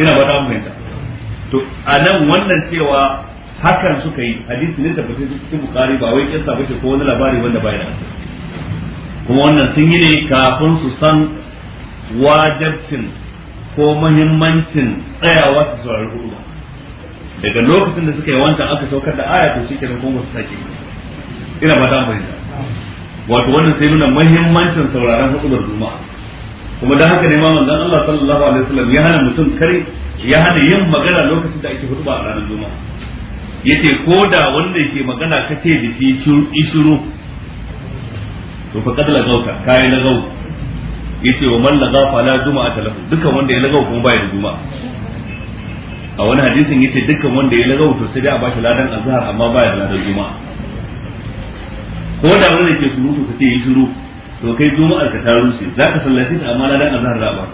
ina ba ta fahimta to a nan wannan cewa hakan suka yi hadisi ne tabbatar da cikin bukari ba wai ba bace ko wani labari wanda bai da kuma wannan sun yi ne kafin su san wajibcin ko muhimmancin tsayawa su saurari hudu daga lokacin da suka yi wancan aka saukar da aya to shike ko musu sake ina ba ta bayyana wato wannan sai nuna muhimmancin sauraron hudubar juma'a kuma da haka ne ma manzon Allah sallallahu alaihi wasallam ya hana mutum kare ya hana yin magana lokacin da ake hutuba a ranar juma'a yace ko da wanda yake magana kace da shi shiru to fa kadala gauta kai na gauta yace wa man laga fala juma'a lahu dukan wanda ya lagawa kuma baya da juma'a a wani hadisin yace dukkan wanda ya lagawa to sai dai a bashi ladan azhar amma baya da ladan juma'a ko da wani ke surutu kace yi shiru to kai juma'ar ka ta rushe zaka sallace ta amma ladan azhar za ba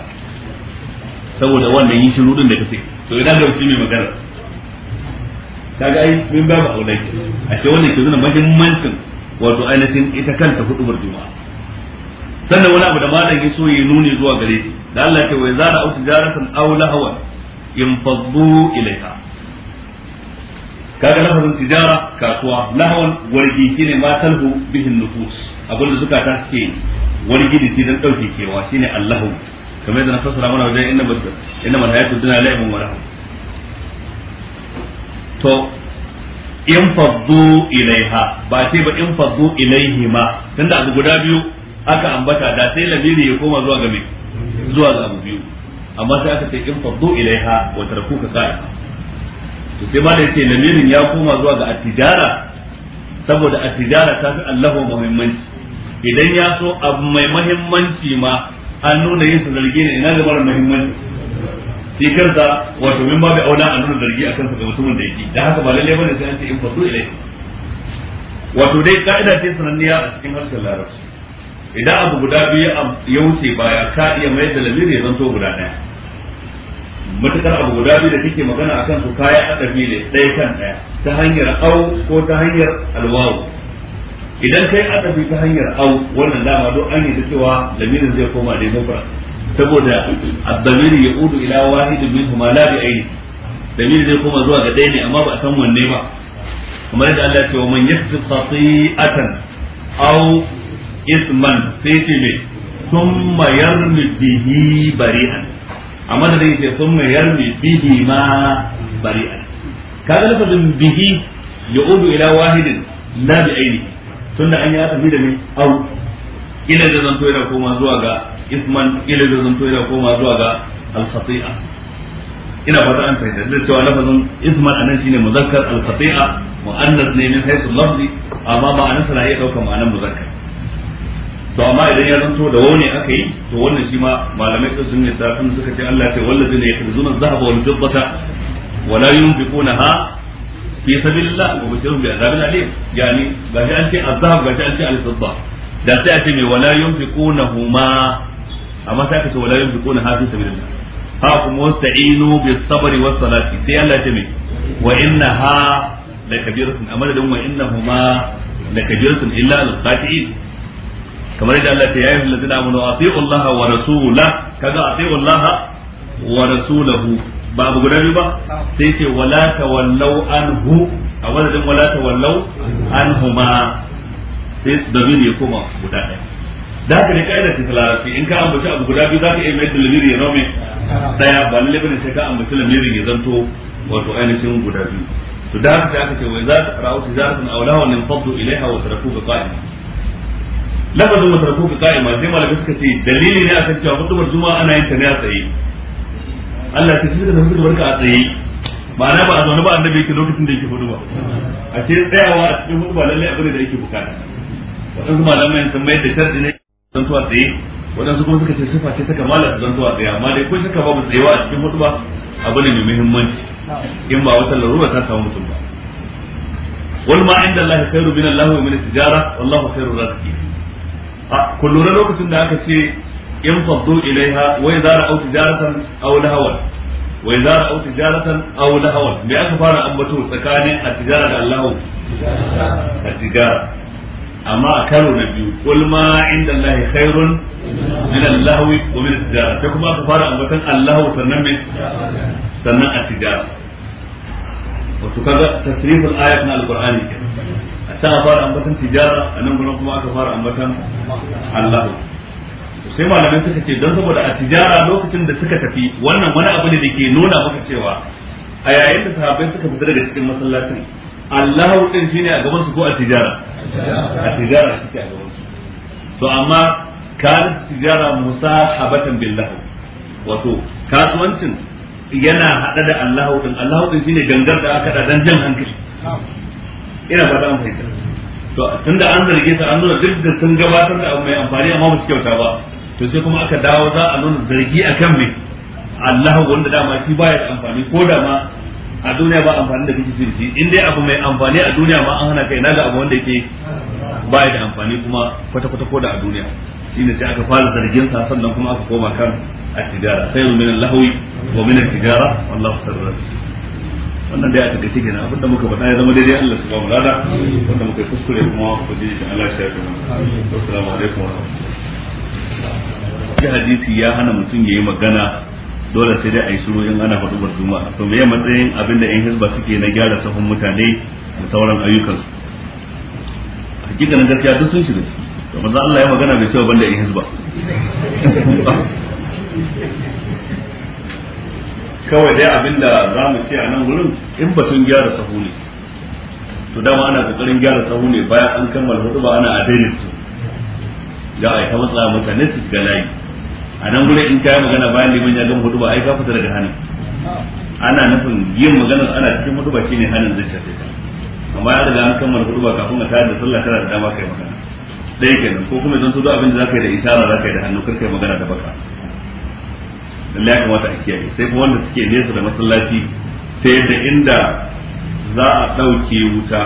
saboda wannan yi shiru din da kace to idan da shi mai magana kaga ai min ba aulai a ce wannan ke zuna muhimmancin wato ainihin ita kanta hudubar juma'a sannan wani abu da malam ya so ya nuni zuwa gare shi da Allah ce wai zara au tijaratan aw lahawan in faddu ilaiha kaga lafazin tijara kasuwa lahawan wargi shine ma talhu bihin nufus abin da suka ta suke wargi da shi dan dauke kewa shine Allahu kamar yadda na fassara mana wajen inna bad inna man hayatu dunya la'ibun wa lahu to in faddu ilaiha ba sai ba in faddu ilaihima tunda abu guda biyu aka ambata da sai lamiri ya koma zuwa ga zuwa ga abu biyu amma sai aka ce in faddu ilaiha wa tarkuka sa'i to sai malai ce lamirin ya koma zuwa ga atijara saboda atijara ta fi Allahu muhimmanci idan ya so abu mai muhimmanci ma an nuna yin zargi ne ina da mara muhimmanci shi kansa wato min babu auna an nuna zargi a kansa ga mutumin da yake da haka ba lalle bane sai an ce in faddu ilaiha wato dai ka'ida ce sananniya a cikin harshen larabci idan abu guda biyu ya wuce baya ka iya mai da lamiri ya zanto guda ɗaya matukar abu guda biyu da kake magana a kan kansu kaya adabi ne ɗaya kan ɗaya ta hanyar au ko ta hanyar alwawu idan kai adabi ta hanyar au wannan dama don an yi da cewa lamirin zai koma da mufra saboda addamiri ya udu ila wahidin min huma la bi aini lamiri zai koma zuwa ga ɗaya ne amma ba a san wanne ba kamar yadda Allah ya ce wa man yaksib khati'atan aw isman sai ce me thumma yarmi bihi bari'an a madadin dai ce thumma yarmi bihi ma bari'an kaga lafazin bihi yaudu ila wahidin na bi aini tunda an yi atafi da ne au ila da zanto yana koma zuwa ga isman ila da zanto yana koma zuwa ga al ina fata an fahimta da cewa lafazin isman anan shine muzakkar al mu'annas ne min haythu lafzi amma ma'anarsa na iya daukar ma'anar muzakkar to amma idan ya zanto da wani aka yi to wannan shi ma malamai sun sun nisa sun suka ce Allah ce wallazi ne yakzuna dhahaba wal fiddata wala fi sabilillah wa bashirun bi alim yani an ce an ce da sai a ce me wala yunfiqunahuma amma sai ka ce wala yunfiqunaha fi sabilillah ha kuma wasta'inu bis sabri was salati sai Allah ce me wa innaha lakabiratun amma da wa innahuma lakabiratun illa al qati'in kamar yadda Allah ta yayi allazina amanu atiiu Allah wa rasulahu kaga atiiu Allah wa rasulahu ba abu guda biyu ba sai ce wala tawallau anhu a wajen wala tawallau anhuma sai domin ya koma guda ɗaya da haka ne ka'idar ta talarasi in ka ambaci abu guda biyu za ka iya mai da lamiri ya nome daya ba lalle ne sai ka ambaci lamirin ya zanto wato ainihin guda biyu to da haka sai aka ce wai za ta ra'u tijaratun aulawa min fadlu ilaiha wa taraku bi qa'im lafazin masarfu ka ka'ima sai malamai suka ce dalili ne akan cewa hudubar juma'a ana yin ta ne a tsaye Allah ta cika da hudubar ka a tsaye ma'ana ba a zaune ba annabi yake lokacin da yake huduba a ce tsayawa a cikin huduba lallai ne da yake bukata wadansu malamai sun mai da sharɗi ne zan zuwa tsaye wadansu kuma suka ce sifa ce ta kamala ta zan zuwa tsaye amma dai ko shakka babu tsayewa a cikin huduba abu ne mai muhimmanci in ba wata larura ta samu mutum ba wal ma inda Allah khairu min Allah wa min tijara wallahu khairur ku lura lokacin da aka ce in faddu ilaiha wa idza ra'aw tijaratan aw lahawan wa idza ra'aw tijaratan aw lahawan me aka fara ambato tsakanin a tijara da Allahu A tijara amma a karo na biyu qul ma inda Allahi khairun min al-lahwi wa min at-tijara sai kuma aka fara ambaton Allahu sannan me sannan at-tijara wato kaga tasrifin ayat na al-Qur'ani can a fara ambatan tijara a nan gudun kuma aka fara ambatan Allah sai malamin suka ce don saboda a tijara lokacin da suka tafi wannan wani abu ne da ke nuna maka cewa a yayin da sahabbai suka fita daga cikin masallacin Allahu din shine a gaban su ko a tijara a tijara suke a gaban su to amma kan tijara Musa habatan billah wato kasuwancin yana hada da Allahu din Allahu din shine gangar da aka da dan jan hankali ina fata an fahimta to tunda an zarge ta an nuna duk da sun gabatar da abu mai amfani amma ba su kyauta ba to sai kuma aka dawo za a nuna zargi a kan mai Allah wanda dama shi ba da amfani ko da ma a duniya ba amfani da kake sirri in dai abu mai amfani a duniya ma an hana kai na ga abu wanda yake ya da amfani kuma kwata kwata ko da a duniya shine sai aka fara zargin sa sannan kuma aka koma kan at-tijara sayyidun min al-lahwi wa min tijara wallahu wannan da ya taka shi kenan abinda muka faɗa ya zama daidai Allah su ba mu lada wanda muka yi kuskure kuma ku ji shi Allah shi ya fi mu assalamu alaikum wa rahmatullahi hadisi ya hana mutum yayi magana dole sai dai a yi shiru in ana faɗi bar juma'a to me matsayin abin da 'yan hizba suke na gyara sahun mutane da sauran ayyukansu hakikanin gaskiya duk sun shiga ciki to manzo Allah ya magana bai cewa banda 'yan hizba kawai dai abinda za mu ce a nan wurin in batun gyara sahu ne to dama ana kokarin gyara sahu ne bayan an kammala hudu ba ana adainin su ga ai ta matsa mutane su ga layi a nan gurin in kayan magana bayan liman ya gama hudu ba ai ka fita daga hannun ana nufin yin magana ana cikin hudu ba shine hannun zai ta amma ya daga an kammala hudu ba kafin ka tayar da sallah tana da dama kai magana ɗaya kenan ko kuma zan su zo abin da za ka yi da isara za ka yi da hannu kar yi magana da baka lalle ya kamata a kiyaye sai kuma wanda suke nesa da masallaci sai da inda za a ɗauke wuta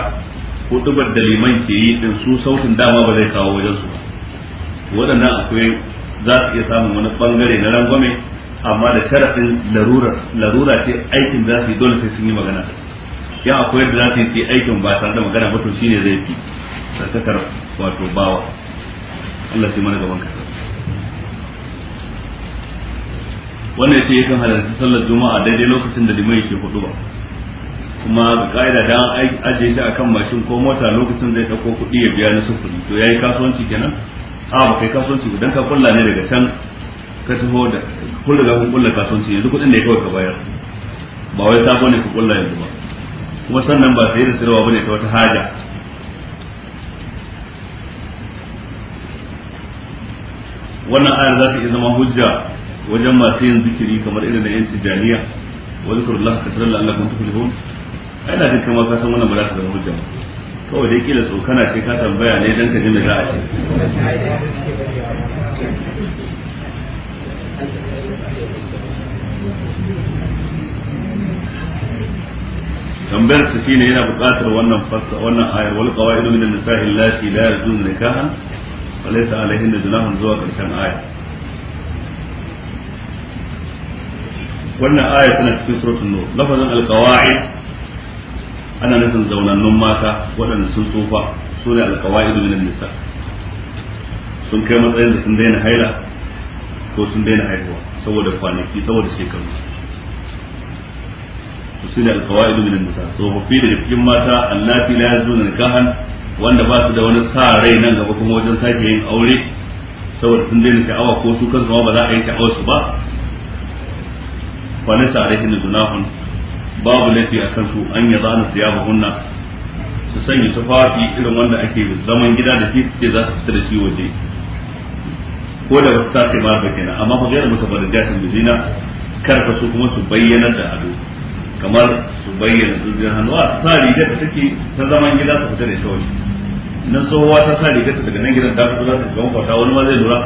ko dubar da liman ke yi din su sautin dama ba zai kawo wajen su waɗannan akwai za su iya samun wani bangare na rangwame amma da sharafin larura ce aikin za su yi dole sai sun yi magana ya akwai yadda za su yi aikin ba tare da magana ba to shine zai fi sarkakar wato bawa Allah sai mana gaban kasa wannan yace yakan halarci sallar juma'a daidai lokacin da limai ke hudu ba kuma ka'ida da ajiye shi akan mashin ko mota lokacin zai dauko kuɗi ya biya na sufuri to yayi kasuwanci kenan a ba kai kasuwanci ba dan ka kulla ne daga can ka taho da kun riga kun kulla kasuwanci yanzu kuɗin da ya kawai ka bayar ba wai sabo ne ka kulla yanzu ba kuma sannan ba sai da sirwa bane ta wata haja wannan ayar za ta iya zama hujja wajen masu yin zikiri kamar irin da yan tijaniya wa zikrullah kasar Allah kun tuflihun ana jin kamar ka san wannan ba za ka zama hujja kawai dai kila tsokana ce ka tambaya ne dan ka ji me za a ce tambayar su shine yana buƙatar wannan fasa wannan ayar wal qawaidu min an-nisa'i allati la yajuzun nikahan falaysa alayhinna junahun zuwa karshen aya wannan aya tana cikin suratul nur lafazin alqawaid ana nufin zaunannun mata waɗanda sun tsufa su ne alqawaid min nisa sun kai matsayin da sun daina haila ko sun daina haihuwa saboda kwanaki saboda shekaru su ne alqawaid min nisa tsofaffi daga cikin mata allati la yazuna nikahan wanda ba su da wani sa rai nan gaba kuma wajen sake yin aure saboda sun daina sha'awa ko su kansu ba za a yi sha'awar su ba falisa alaihin junahun babu laifi a kansu an yi zana su yaba hunna su sanya tufafi irin wanda ake zaman gida da shi ce za su fita da shi waje ko da wasu ta ce ma ba kenan amma fa gaira musu barin jatin bizina karfa su kuma su bayyana da ado kamar su bayyana zuziyar hannu a tsari da take ta zaman gida su fita da shi waje nan tsohuwa ta sa rigar ta daga nan gidan ta fito za ta shiga makwata wani ma zai lura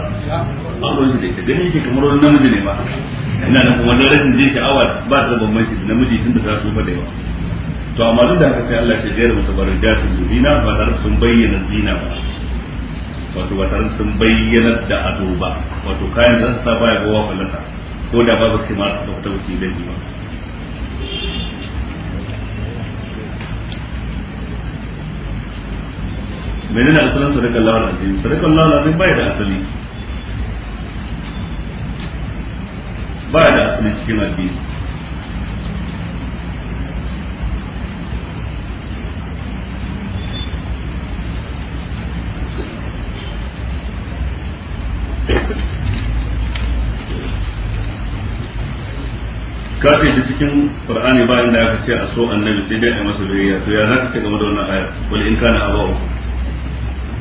a ruwan shi da ita ganin shi kamar wani namiji ne ba ina nan kuma wani rashin jin sha'awa ba ta da bambanci da namiji tun da ta tsufa da yawa to amma duk da haka sai Allah ya jera musu barijatun zina ba tare sun bayyana zina ba wato ba tare sun bayyana da ado ba wato kayan da sa baya gowa fallasa ko da ba su kimar da wata wasila ba menene asalin sadaka Allah al-azim sadaka Allah al-azim bai da asali bai da asali cikin addini kafin da cikin qur'ani ba inda aka ce a so annabi sai dai a masa biyayya to ya zaka ce game da wannan aya wal in kana aba'u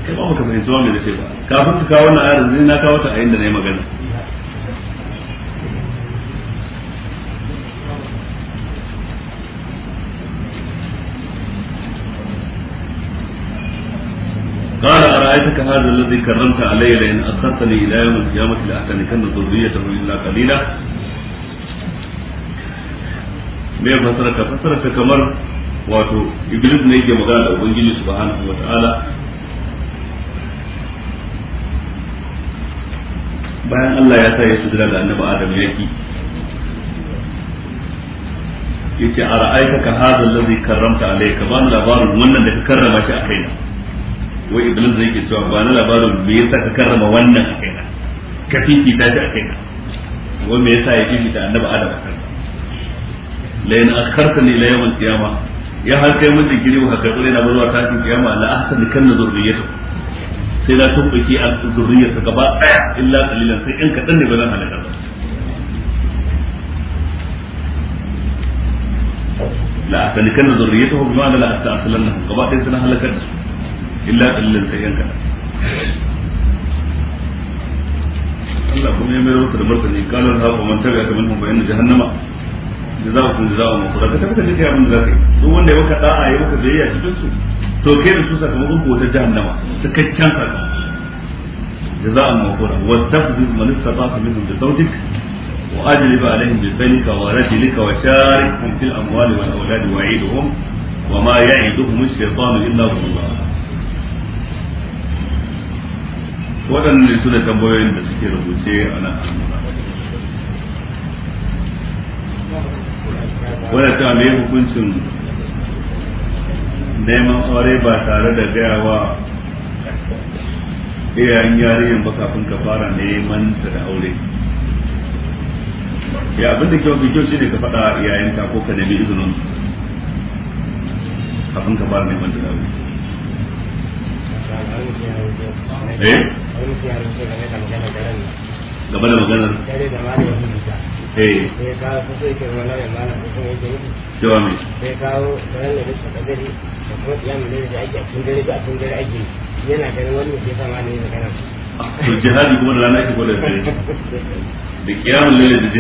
kai ba ka fahimci wani da ba kafin ka kawo wannan ayar zai na kawo ta a yadda na yi magana قال أرأيتك هذا الذي كرمت علي لئن أخرتني إلى يوم القيامة لأحتنكن ذريته إلا قليلا me fasara ka fasara kamar wato iblis ne yake magana da ubangiji subhanahu bayan Allah ya sa ya sujada da annabi Adam yaki yace ara'aita ka hadha alladhi karramta Ka bani labarin wannan da ka karrama shi a kaina wai iblis zai ke cewa ba na labarin me yasa ka karrama wannan a kaina ka ta shi a kaina wai me yasa ya fifita annabi Adam a kaina la in ni ila yawm al-qiyamah ya har kai mun digiri wa hakuri na barwa ta kiyama la ahsan kanna zurriyatuhu sai na tumbaki a zurriyarsa gaba daya illa qalilan sai in kadan ne ba zan halaka ba la atalikan zurriyatuhum bima la astaghfirullah gaba daya sai halakar da su illa qalilan sai in kadan Allah kuma ya mai masa da martani kalar hafa man tabi aka min bayan jahannama jazakum jazakum khudaka tabbata kake abin da ka yi duk wanda ya maka da'a ya maka biyayya cikin su to kai da su sakamakon ku wata jahannama cikakken sakamako jaza'an mawqura wastafzid man istata'a minhum bi sawtik wa ajlib alaihim bi wa wa amwali wa ma illa su da tambayoyin da suke rubuce a nan wadda ta mai hukuncin neman aure ba tare da gayawa iyayen yarinyar ba kafin ka fara neman ta da aure ya abin da kyau kyau ne ka faɗa iyayen ta ko ka nemi izinin kafin ka fara neman ta da aure eh game da maganar eh sai ka fito yake wannan eh, da malam ko kuma yake nufi cewa me sai kawo ran da bisa kadari da kuma kiyamun da da ake cikin dare da cikin dare ake yana ganin wannan sai sama ne da kana to da rana ake gwada dare da kiyamun ba magana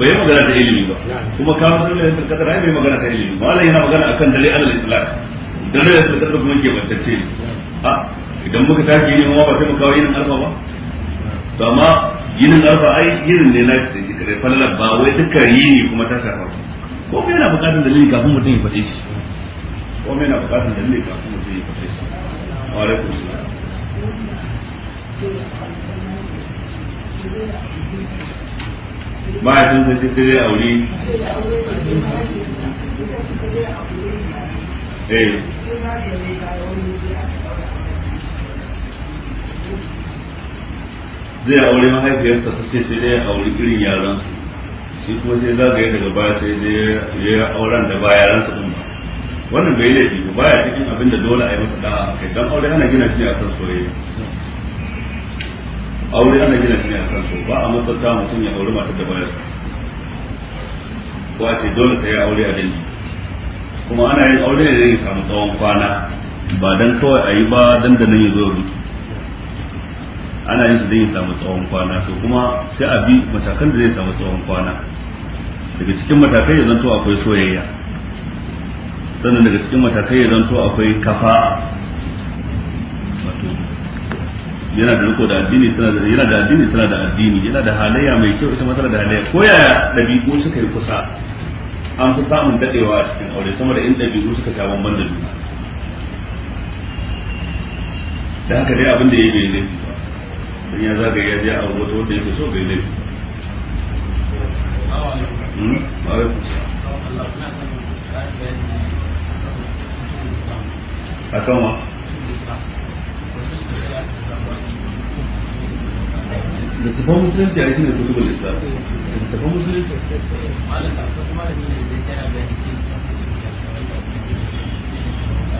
bai ta kuma kawo sanar ta ilimi yana magana akan dare alal a idan muka tashi yin ba sai mu kawo yin arfa ba to amma yin arfa ai yin ne na shi kare falala ba wai dukkan yini kuma ta shafa ko kuma yana bukatar dalili kafin mutum ya fade shi ko kuma yana bukatar dalili kafin mutum ya fade shi wa alaikum salam ba ya sun sai sai auri eh zai aure mahaifiyarsa ta ce sai dai aure irin yaran su shi kuma sai zagaye daga baya sai dai ya auren da ba yaran su din ba wannan bai laifi ba baya cikin abin da dole a yi masa da kai dan aure ana gina shi a kan soyayya aure ana gina shi a kan so ba a matsata mutum ya aure mata da baya su ba ce dole ta yi aure a dangi kuma ana yin aure ne ne ya samu tsawon kwana ba dan kawai a yi ba dandanan ya zo rutu ana yin su zai ya samu tsawon kwana to kuma sai a bi matakan da zai samu tsawon kwana daga cikin matakai ya zanto akwai soyayya sannan daga cikin matakai ya zanto akwai kafa. wato yana da riko da addini tana da yana da addini tana da addini yana da halayya mai kyau ita matsala da halayya ko yaya dabi'u suka yi kusa an fi samun dadewa a cikin aure sama da in dabi'u suka ta bambanta da juna da haka dai abin da ya yi bai in ya zaga ya je a wata wanda yake so ga zai hmm? a kan wa musulunci a yi musulunci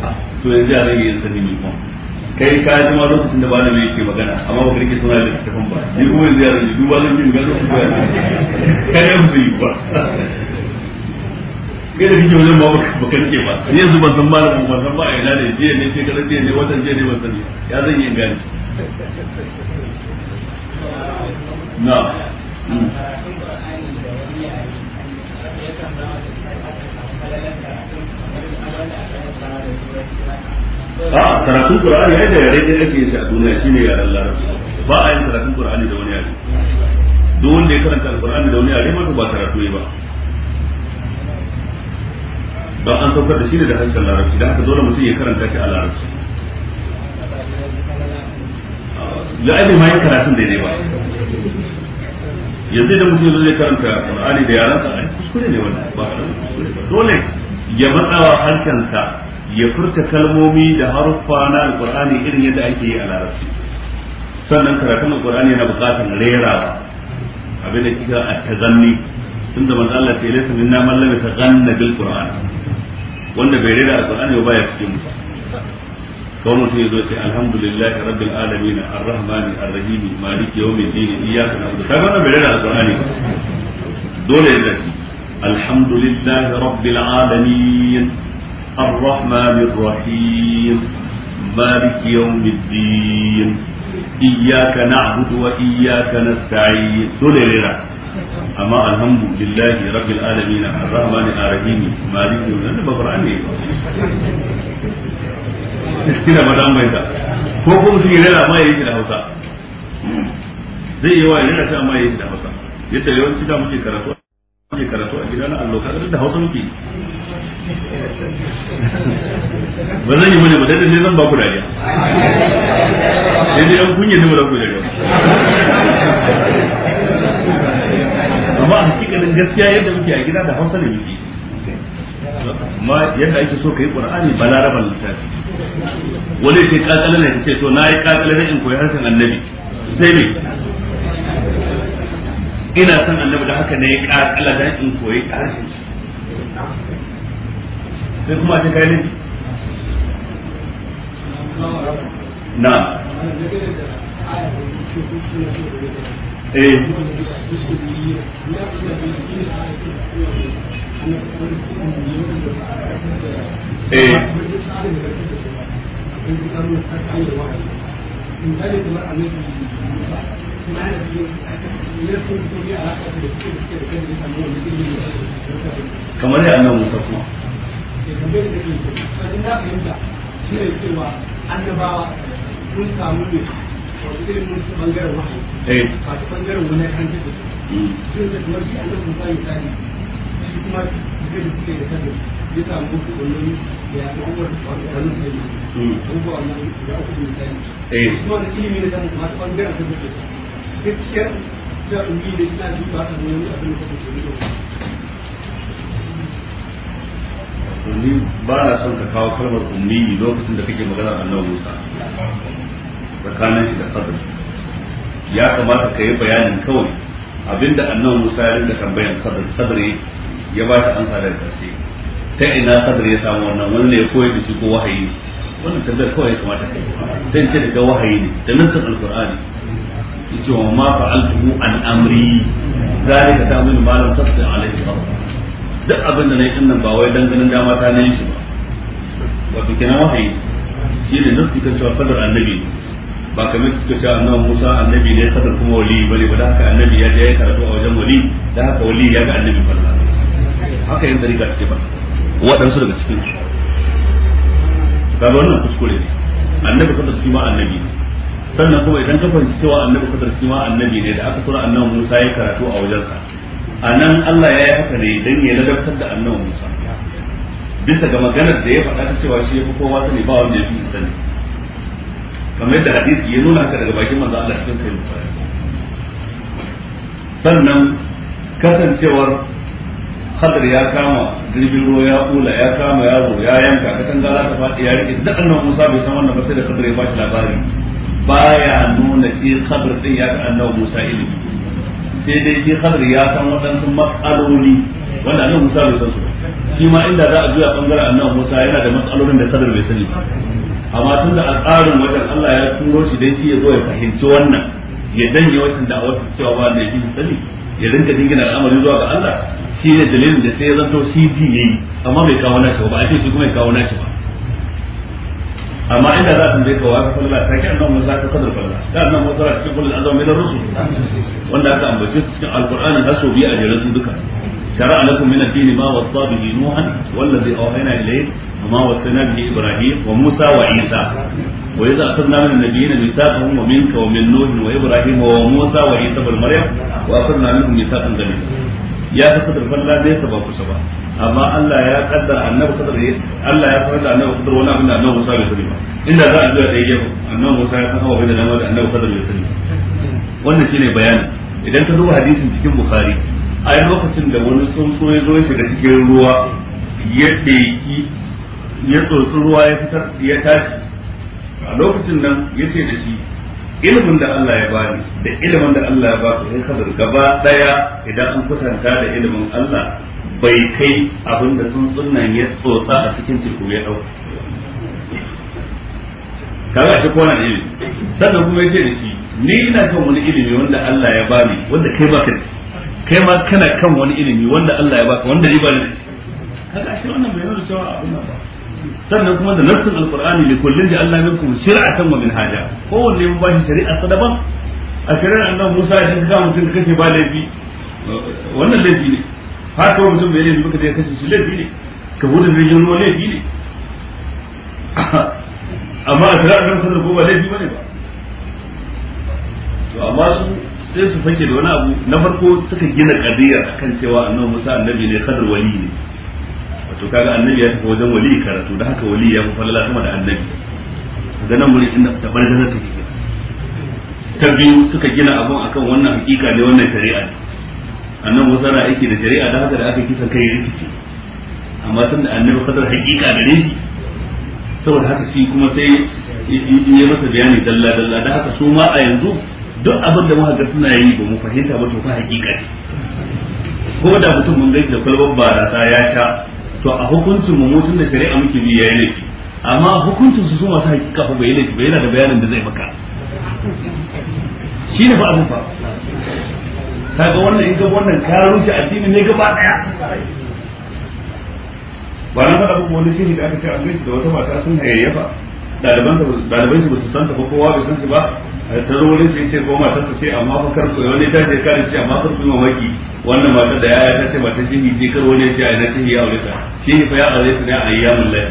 ah, to yanzu a rage yin sani mai kai ka ji ma lokacin da malami yake magana amma ba kake suna da tafin ba ni kuma yanzu ya rubuta duba zan yi gano su ba kai ba su yi ba kai da kike wajen ma ba ka rike ba ni yanzu ban san malamin ban san ba a ina ne jiya ne ke kada jiya ne watan jiya ne ban san ya zan yi gani na Thank hmm. you. a karatun qur'ani ai da yare dai ake yi a duniya shine yaren larabci ba a yin karatun qur'ani da wani yare duk wanda ya karanta alqur'ani da wani yare ma ba karatu ba don an saukar da shi ne da harshen larabci da haka dole mutum ya karanta shi a larabci da la'ayi ma yin karatun da daidai ba yanzu da mutum zai karanta qur'ani da yaran sa ai kuskure ne wannan ba dole ya matsawa harshen sa ya furta kalmomi da haruffa na alqur'ani irin yadda ake yi a larabci sannan karatun alqur'ani yana buƙatar rera abin da kika a tazanni da manzo Allah ce laysa minna man lam yatazanna bil qur'an wanda bai rera alqur'ani ba ya cikin sa ko mutum yazo ce alhamdulillah rabbil alamin arrahman arrahim malik yawmid din iyyaka na'budu ta wannan bai rera alqur'ani dole ya zaki alhamdulillah rabbil alamin الرحمن الرحيم مالك يوم الدين إياك نعبد وإياك نستعين سلرنا أما الحمد لله رب العالمين الرحمن الرحيم مالك يوم الدين ببراني kina ba dan baita ko kuma su rera ma yayi da Hausa zai yi wa rera ta ma yayi da Hausa ne karatu a gida na allo kaga da hausa muke ba zan yi mana ba dai zan ba ku dariya sai ne an kunya ne ba ku dariya amma a cikin gaskiya yadda muke a gida da hausa ne muke amma yadda ake so ka yi qur'ani balaraban littafi wani sai kakalan ne kace to na yi kakalan in koyi harshen annabi sai ne ina son annabi da haka ne ya ƙara Allah da in koyi ƙarshen shi sai kuma a kai ne na eh eh kamar da annabi Musa kuma annabawa sun samu ne irin mun su bangaren wahayi bangaren wani kan su da shi annabi Musa shi kuma zai da da kanta ya samu ya wani ya kuma da ilimi da kuma bangaren gaskiya da ubi da ina ji ba ta nemi abin da kake yi ni ba na son ka kawo kalmar ummi lokacin da kake magana annabi Musa tsakanin shi da sabbi ya kamata ka yi bayanin kawai abinda annabi Musa ya rinka tambayan sabbi sabri ya ba shi ansa da karshe ta ina sabri ya samu wannan wanda ya koyi da shi ko wahayi wannan tambayar kawai ya kamata kai dan ce daga wahayi ne da nassin alqur'ani yace wa ma fa'altuhu an amri zalika ta'minu ma lam tasdi alayhi sabr duk abin da nayi dinnan ba wai dan dama ta nayi shi ba wato kenan wahayi shine nassi kan cewa sadar annabi ba kamar suka ce annabi Musa annabi ne sadar kuma wali bane ba da haka annabi ya je ya karatu a wajen wali da haka wali ya ga annabi sallallahu haka yin dariga take ba waɗansu daga cikin su kaga wannan kuskure ne annabi kadar shi ma annabi ne sannan kuma idan ka fahimci cewa annabi kadar shi ma annabi ne da aka tura annabi Musa ya karatu a wajensa anan Allah ya yi haka ne dan ya ladabtar da annabi Musa bisa ga maganar da ya faɗa ta cewa shi ya fi kowa sani ba wanda ya fi sani kamar yadda hadisi ya nuna haka daga bakin manzo Allah cikin sai sannan kasancewar hadar ya kama jirgin ruwa ya kula ya kama yaro ya yanka katanga za ta faɗi ya rike duk annabi Musa bai san wannan ba sai da kabar ya ba labari baya nuna shi kabar din ya ga annabi Musa ilimi sai dai shi kabar ya san waɗansu matsaloli wanda annabi Musa bai san su shi ma inda za a juya bangaren annabi Musa yana da matsalolin da hadar bai sani amma tun da al'arin wajen Allah ya turo shi dai shi ya zo ya fahimci wannan ya danye wajen da'awar cewa ba da yi sani ya rinka dingina al'amari zuwa ga Allah shi ne dalilin da sai ya zanto CD ne. A amma bai kawo nashi ba a ce shi kuma ya kawo nashi ba amma inda za bai kawo aka kulla ta kyan nan musa ta ta nan musa ta cikin wanda aka ambace su cikin da so a jere duka shar'a lakum min ad-din ma wasa bihi nuhan wallazi awhayna ilayhi ya fi kadar balla nesa ba kusa ba amma Allah ya kaddara annabi kadar Allah ya fara da annabi kadar wani abin da annabi Musa bai sani ba inda za a zuwa da yake annabi Musa ya san hawa bai da dama da annabi kadar bai sani wannan shine bayani idan ka duba hadisin cikin Bukhari a yi lokacin da wani tsuntsu ya zo ya shiga cikin ruwa ya ɗeki ya tsotsi ruwa ya fitar ya tashi a lokacin nan ya ce da shi ilimin da Allah ya bani da ilimin da Allah ya ba su in kabar gaba daya idan an kusanta da ilimin Allah bai kai abin da tsuntsun nan ya tsotsa a cikin teku ya dauka kaga shi kona da ilimi sannan kuma yace da shi ni ina kan wani ilimi wanda Allah ya bani wanda kai baka da kai ma kana kan wani ilimi wanda Allah ya baka wanda ni ba da kaga shi wannan bai nuna cewa abin nan ba sannan kuma da nassin alqur'ani li kullin ja'alna minkum shir'atan wa minhaja kowanne mun ba shi shari'a sadaban a shari'ar annabi Musa ya ga mutum kashe ba laifi wannan laifi ne har kawai mutum bai laifi baka je kashe shi laifi ne ka gudun rijin ruwa laifi ne amma a shari'ar annabi Musa ko ba laifi bane ba to amma su sai su fake da wani abu na farko suka gina kadiyar kan cewa annabi Musa annabi ne kadar wali ne to kaga annabi ya tafi wajen wali karatu da haka wali ya fi falala sama da annabi ga nan wuri inda ta bar gaza take ta biyu suka gina abun akan wannan hakika ne wannan shari'a annan musa na aiki da shari'a da haka da aka kisa kai rikici amma tun da annabi kadar hakika da rikici saboda haka shi kuma sai ya masa bayani dalla dalla da haka su ma a yanzu duk abin da muka ga suna yi ba mu fahimta ba to fa hakika ne ko da mutum mun gaji da kwalbar barasa ya sha to a hukuncin mu mutun da shari'a muke bi yayi laifi amma hukuncin su masu hakika fa bai bai yana da bayanin da zai maka shi ne ba abin fa kaga wannan in ga wannan ka rushe addini ne gaba daya ba na faɗa ko wani shi ne da aka ce a da wata mata sun ba ɗaliban su ba su san ta ba kowa bai san shi ba ta zo wurin sai ce ko matar ta ce amma fa kar ku wani ta ce kar ce amma kar ku mamaki wannan matar da yaya ta ce matar jihi ce kar wani ce ai na ce ya aure ta shi fa ya aure ta da ayyamul lahi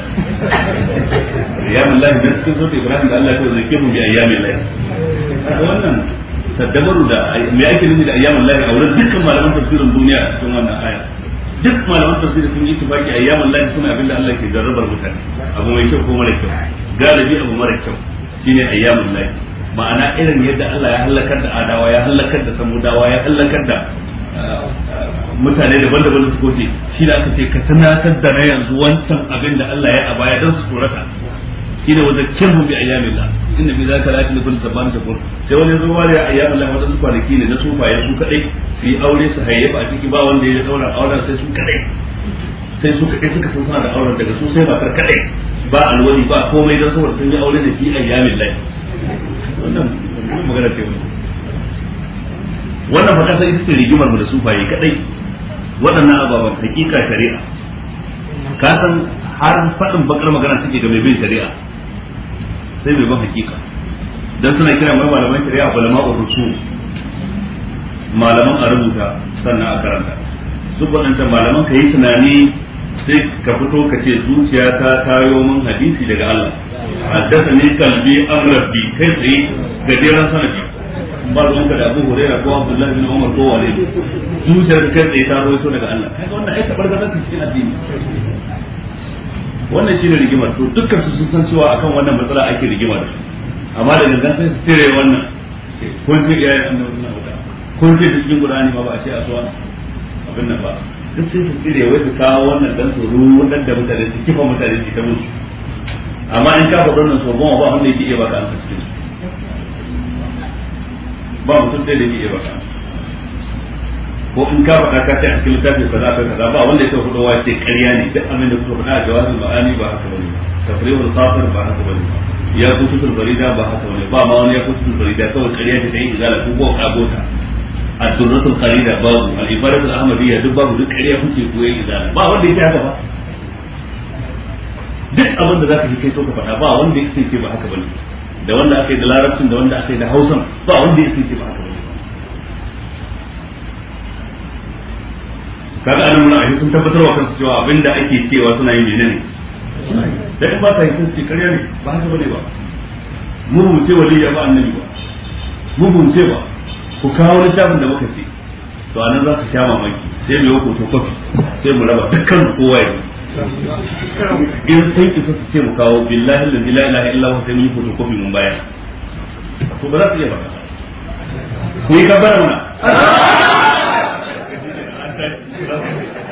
ayyamul lai da cikin sautin Ibrahim da Allah ta zake mu bi ayyamul lai wannan tadabbaru da mai ake nufi da ayyamin lahi a wurin dukkan malaman tafsirin duniya sun wannan aya duk malaman tafsirin sun yi tufaki ayyamin lahi suna abinda Allah ke jarrabar mutane abu mai kyau ko mara kyau galibi abu mara kyau shine ayyamul lahi ma'ana irin yadda Allah ya halakar da adawa ya halakar da samudawa ya halakar da uh, mutane daban-daban da suke shi da aka ce ka tunatar da na yanzu wancan abin da Allah ya abaya don su tsorata shi ne wanda kirhu bi la inna bi zaka la tilkun saban shakur sai wani zuwa da ayyamillah wanda su kwanaki ne na sufaye su kadai su yi aure su ba a ciki ba wanda ya daura auren sai su kadai sai su kadai suka san da auren daga su sai ba kar kadai ba alwali ba komai don saboda sun yi aure da fi yamin lai wannan magana ce wani wannan fa kasar ita ce rigimar mu da sufaye kadai waɗannan ababen hakika shari'a ka san har faɗin bakar magana suke ga mai bin shari'a sai mai ban hakika dan suna kira mai malaman shari'a ulama rusu malaman a rubuta sannan a karanta su waɗancan malaman ka yi tunani sai ka fito ka ce zuciya ta tayo min hadisi daga Allah haddasa ne kalbi amra bi kai tsaye gajeren sanadi ba ruwan ka da Abu Hurairah ko Abdullahi bin Umar ko Walid zuciyar kai tsaye ta rawaito daga Allah kai wannan ai tabar da kake cikin addini wannan shine rigimar to dukkan su sun san cewa akan wannan matsala ake rigimar amma da gangan sai su tire wannan kun ce ya eh, annabi na wata kun ce cikin Qur'ani ma ba a ce a zuwa abin nan ba duk sun su tsire wai su kawo wannan dan su rudar da mutane su kifa mutane su ta musu amma in ka faɗo nan so goma ba wanda yake iya baka amsa cikin ba mutum ɗaya da yake iya baka ko in ka faɗa ka ce a cikin littafin kaza ko kaza ba wanda yake faɗowa ce ƙarya ne duk abin da kuka faɗa a jawabin ma'ani ba haka bane tafrihul safar ba haka bane ya kututul barida ba haka bane ba ma wani ya kututul barida kawai ƙarya ta yi izala ko ko ka gota ad-durratul qarida babu al-ibaratul ahmadiyya duk babu duk ƙarya kuke koyi izala ba wanda yake haka ba duk abin da zaka yi kai to ka fada ba wanda yake ce ba haka bane da wanda aka yi da larabcin da wanda aka yi da hausan ba wanda yake ce ba haka bane kaga anan mun ayi sun tabbatar wa kansu cewa abinda ake cewa suna yin menene da in ba ta yi sun ce ƙarya ne ba haka bane ba mu mu ce waliya ba annabi ba mu mu ce ba ku kawo littafin da muka ce to anan za su sha mamaki sai mu yi hoto kofi sai mu raba dukkan kowa ya in sai ki su ce mu kawo billahi la ilaha illa huwa sai mu yi hoto kofi mun baya to ba za su iya ba ku yi kabbara mana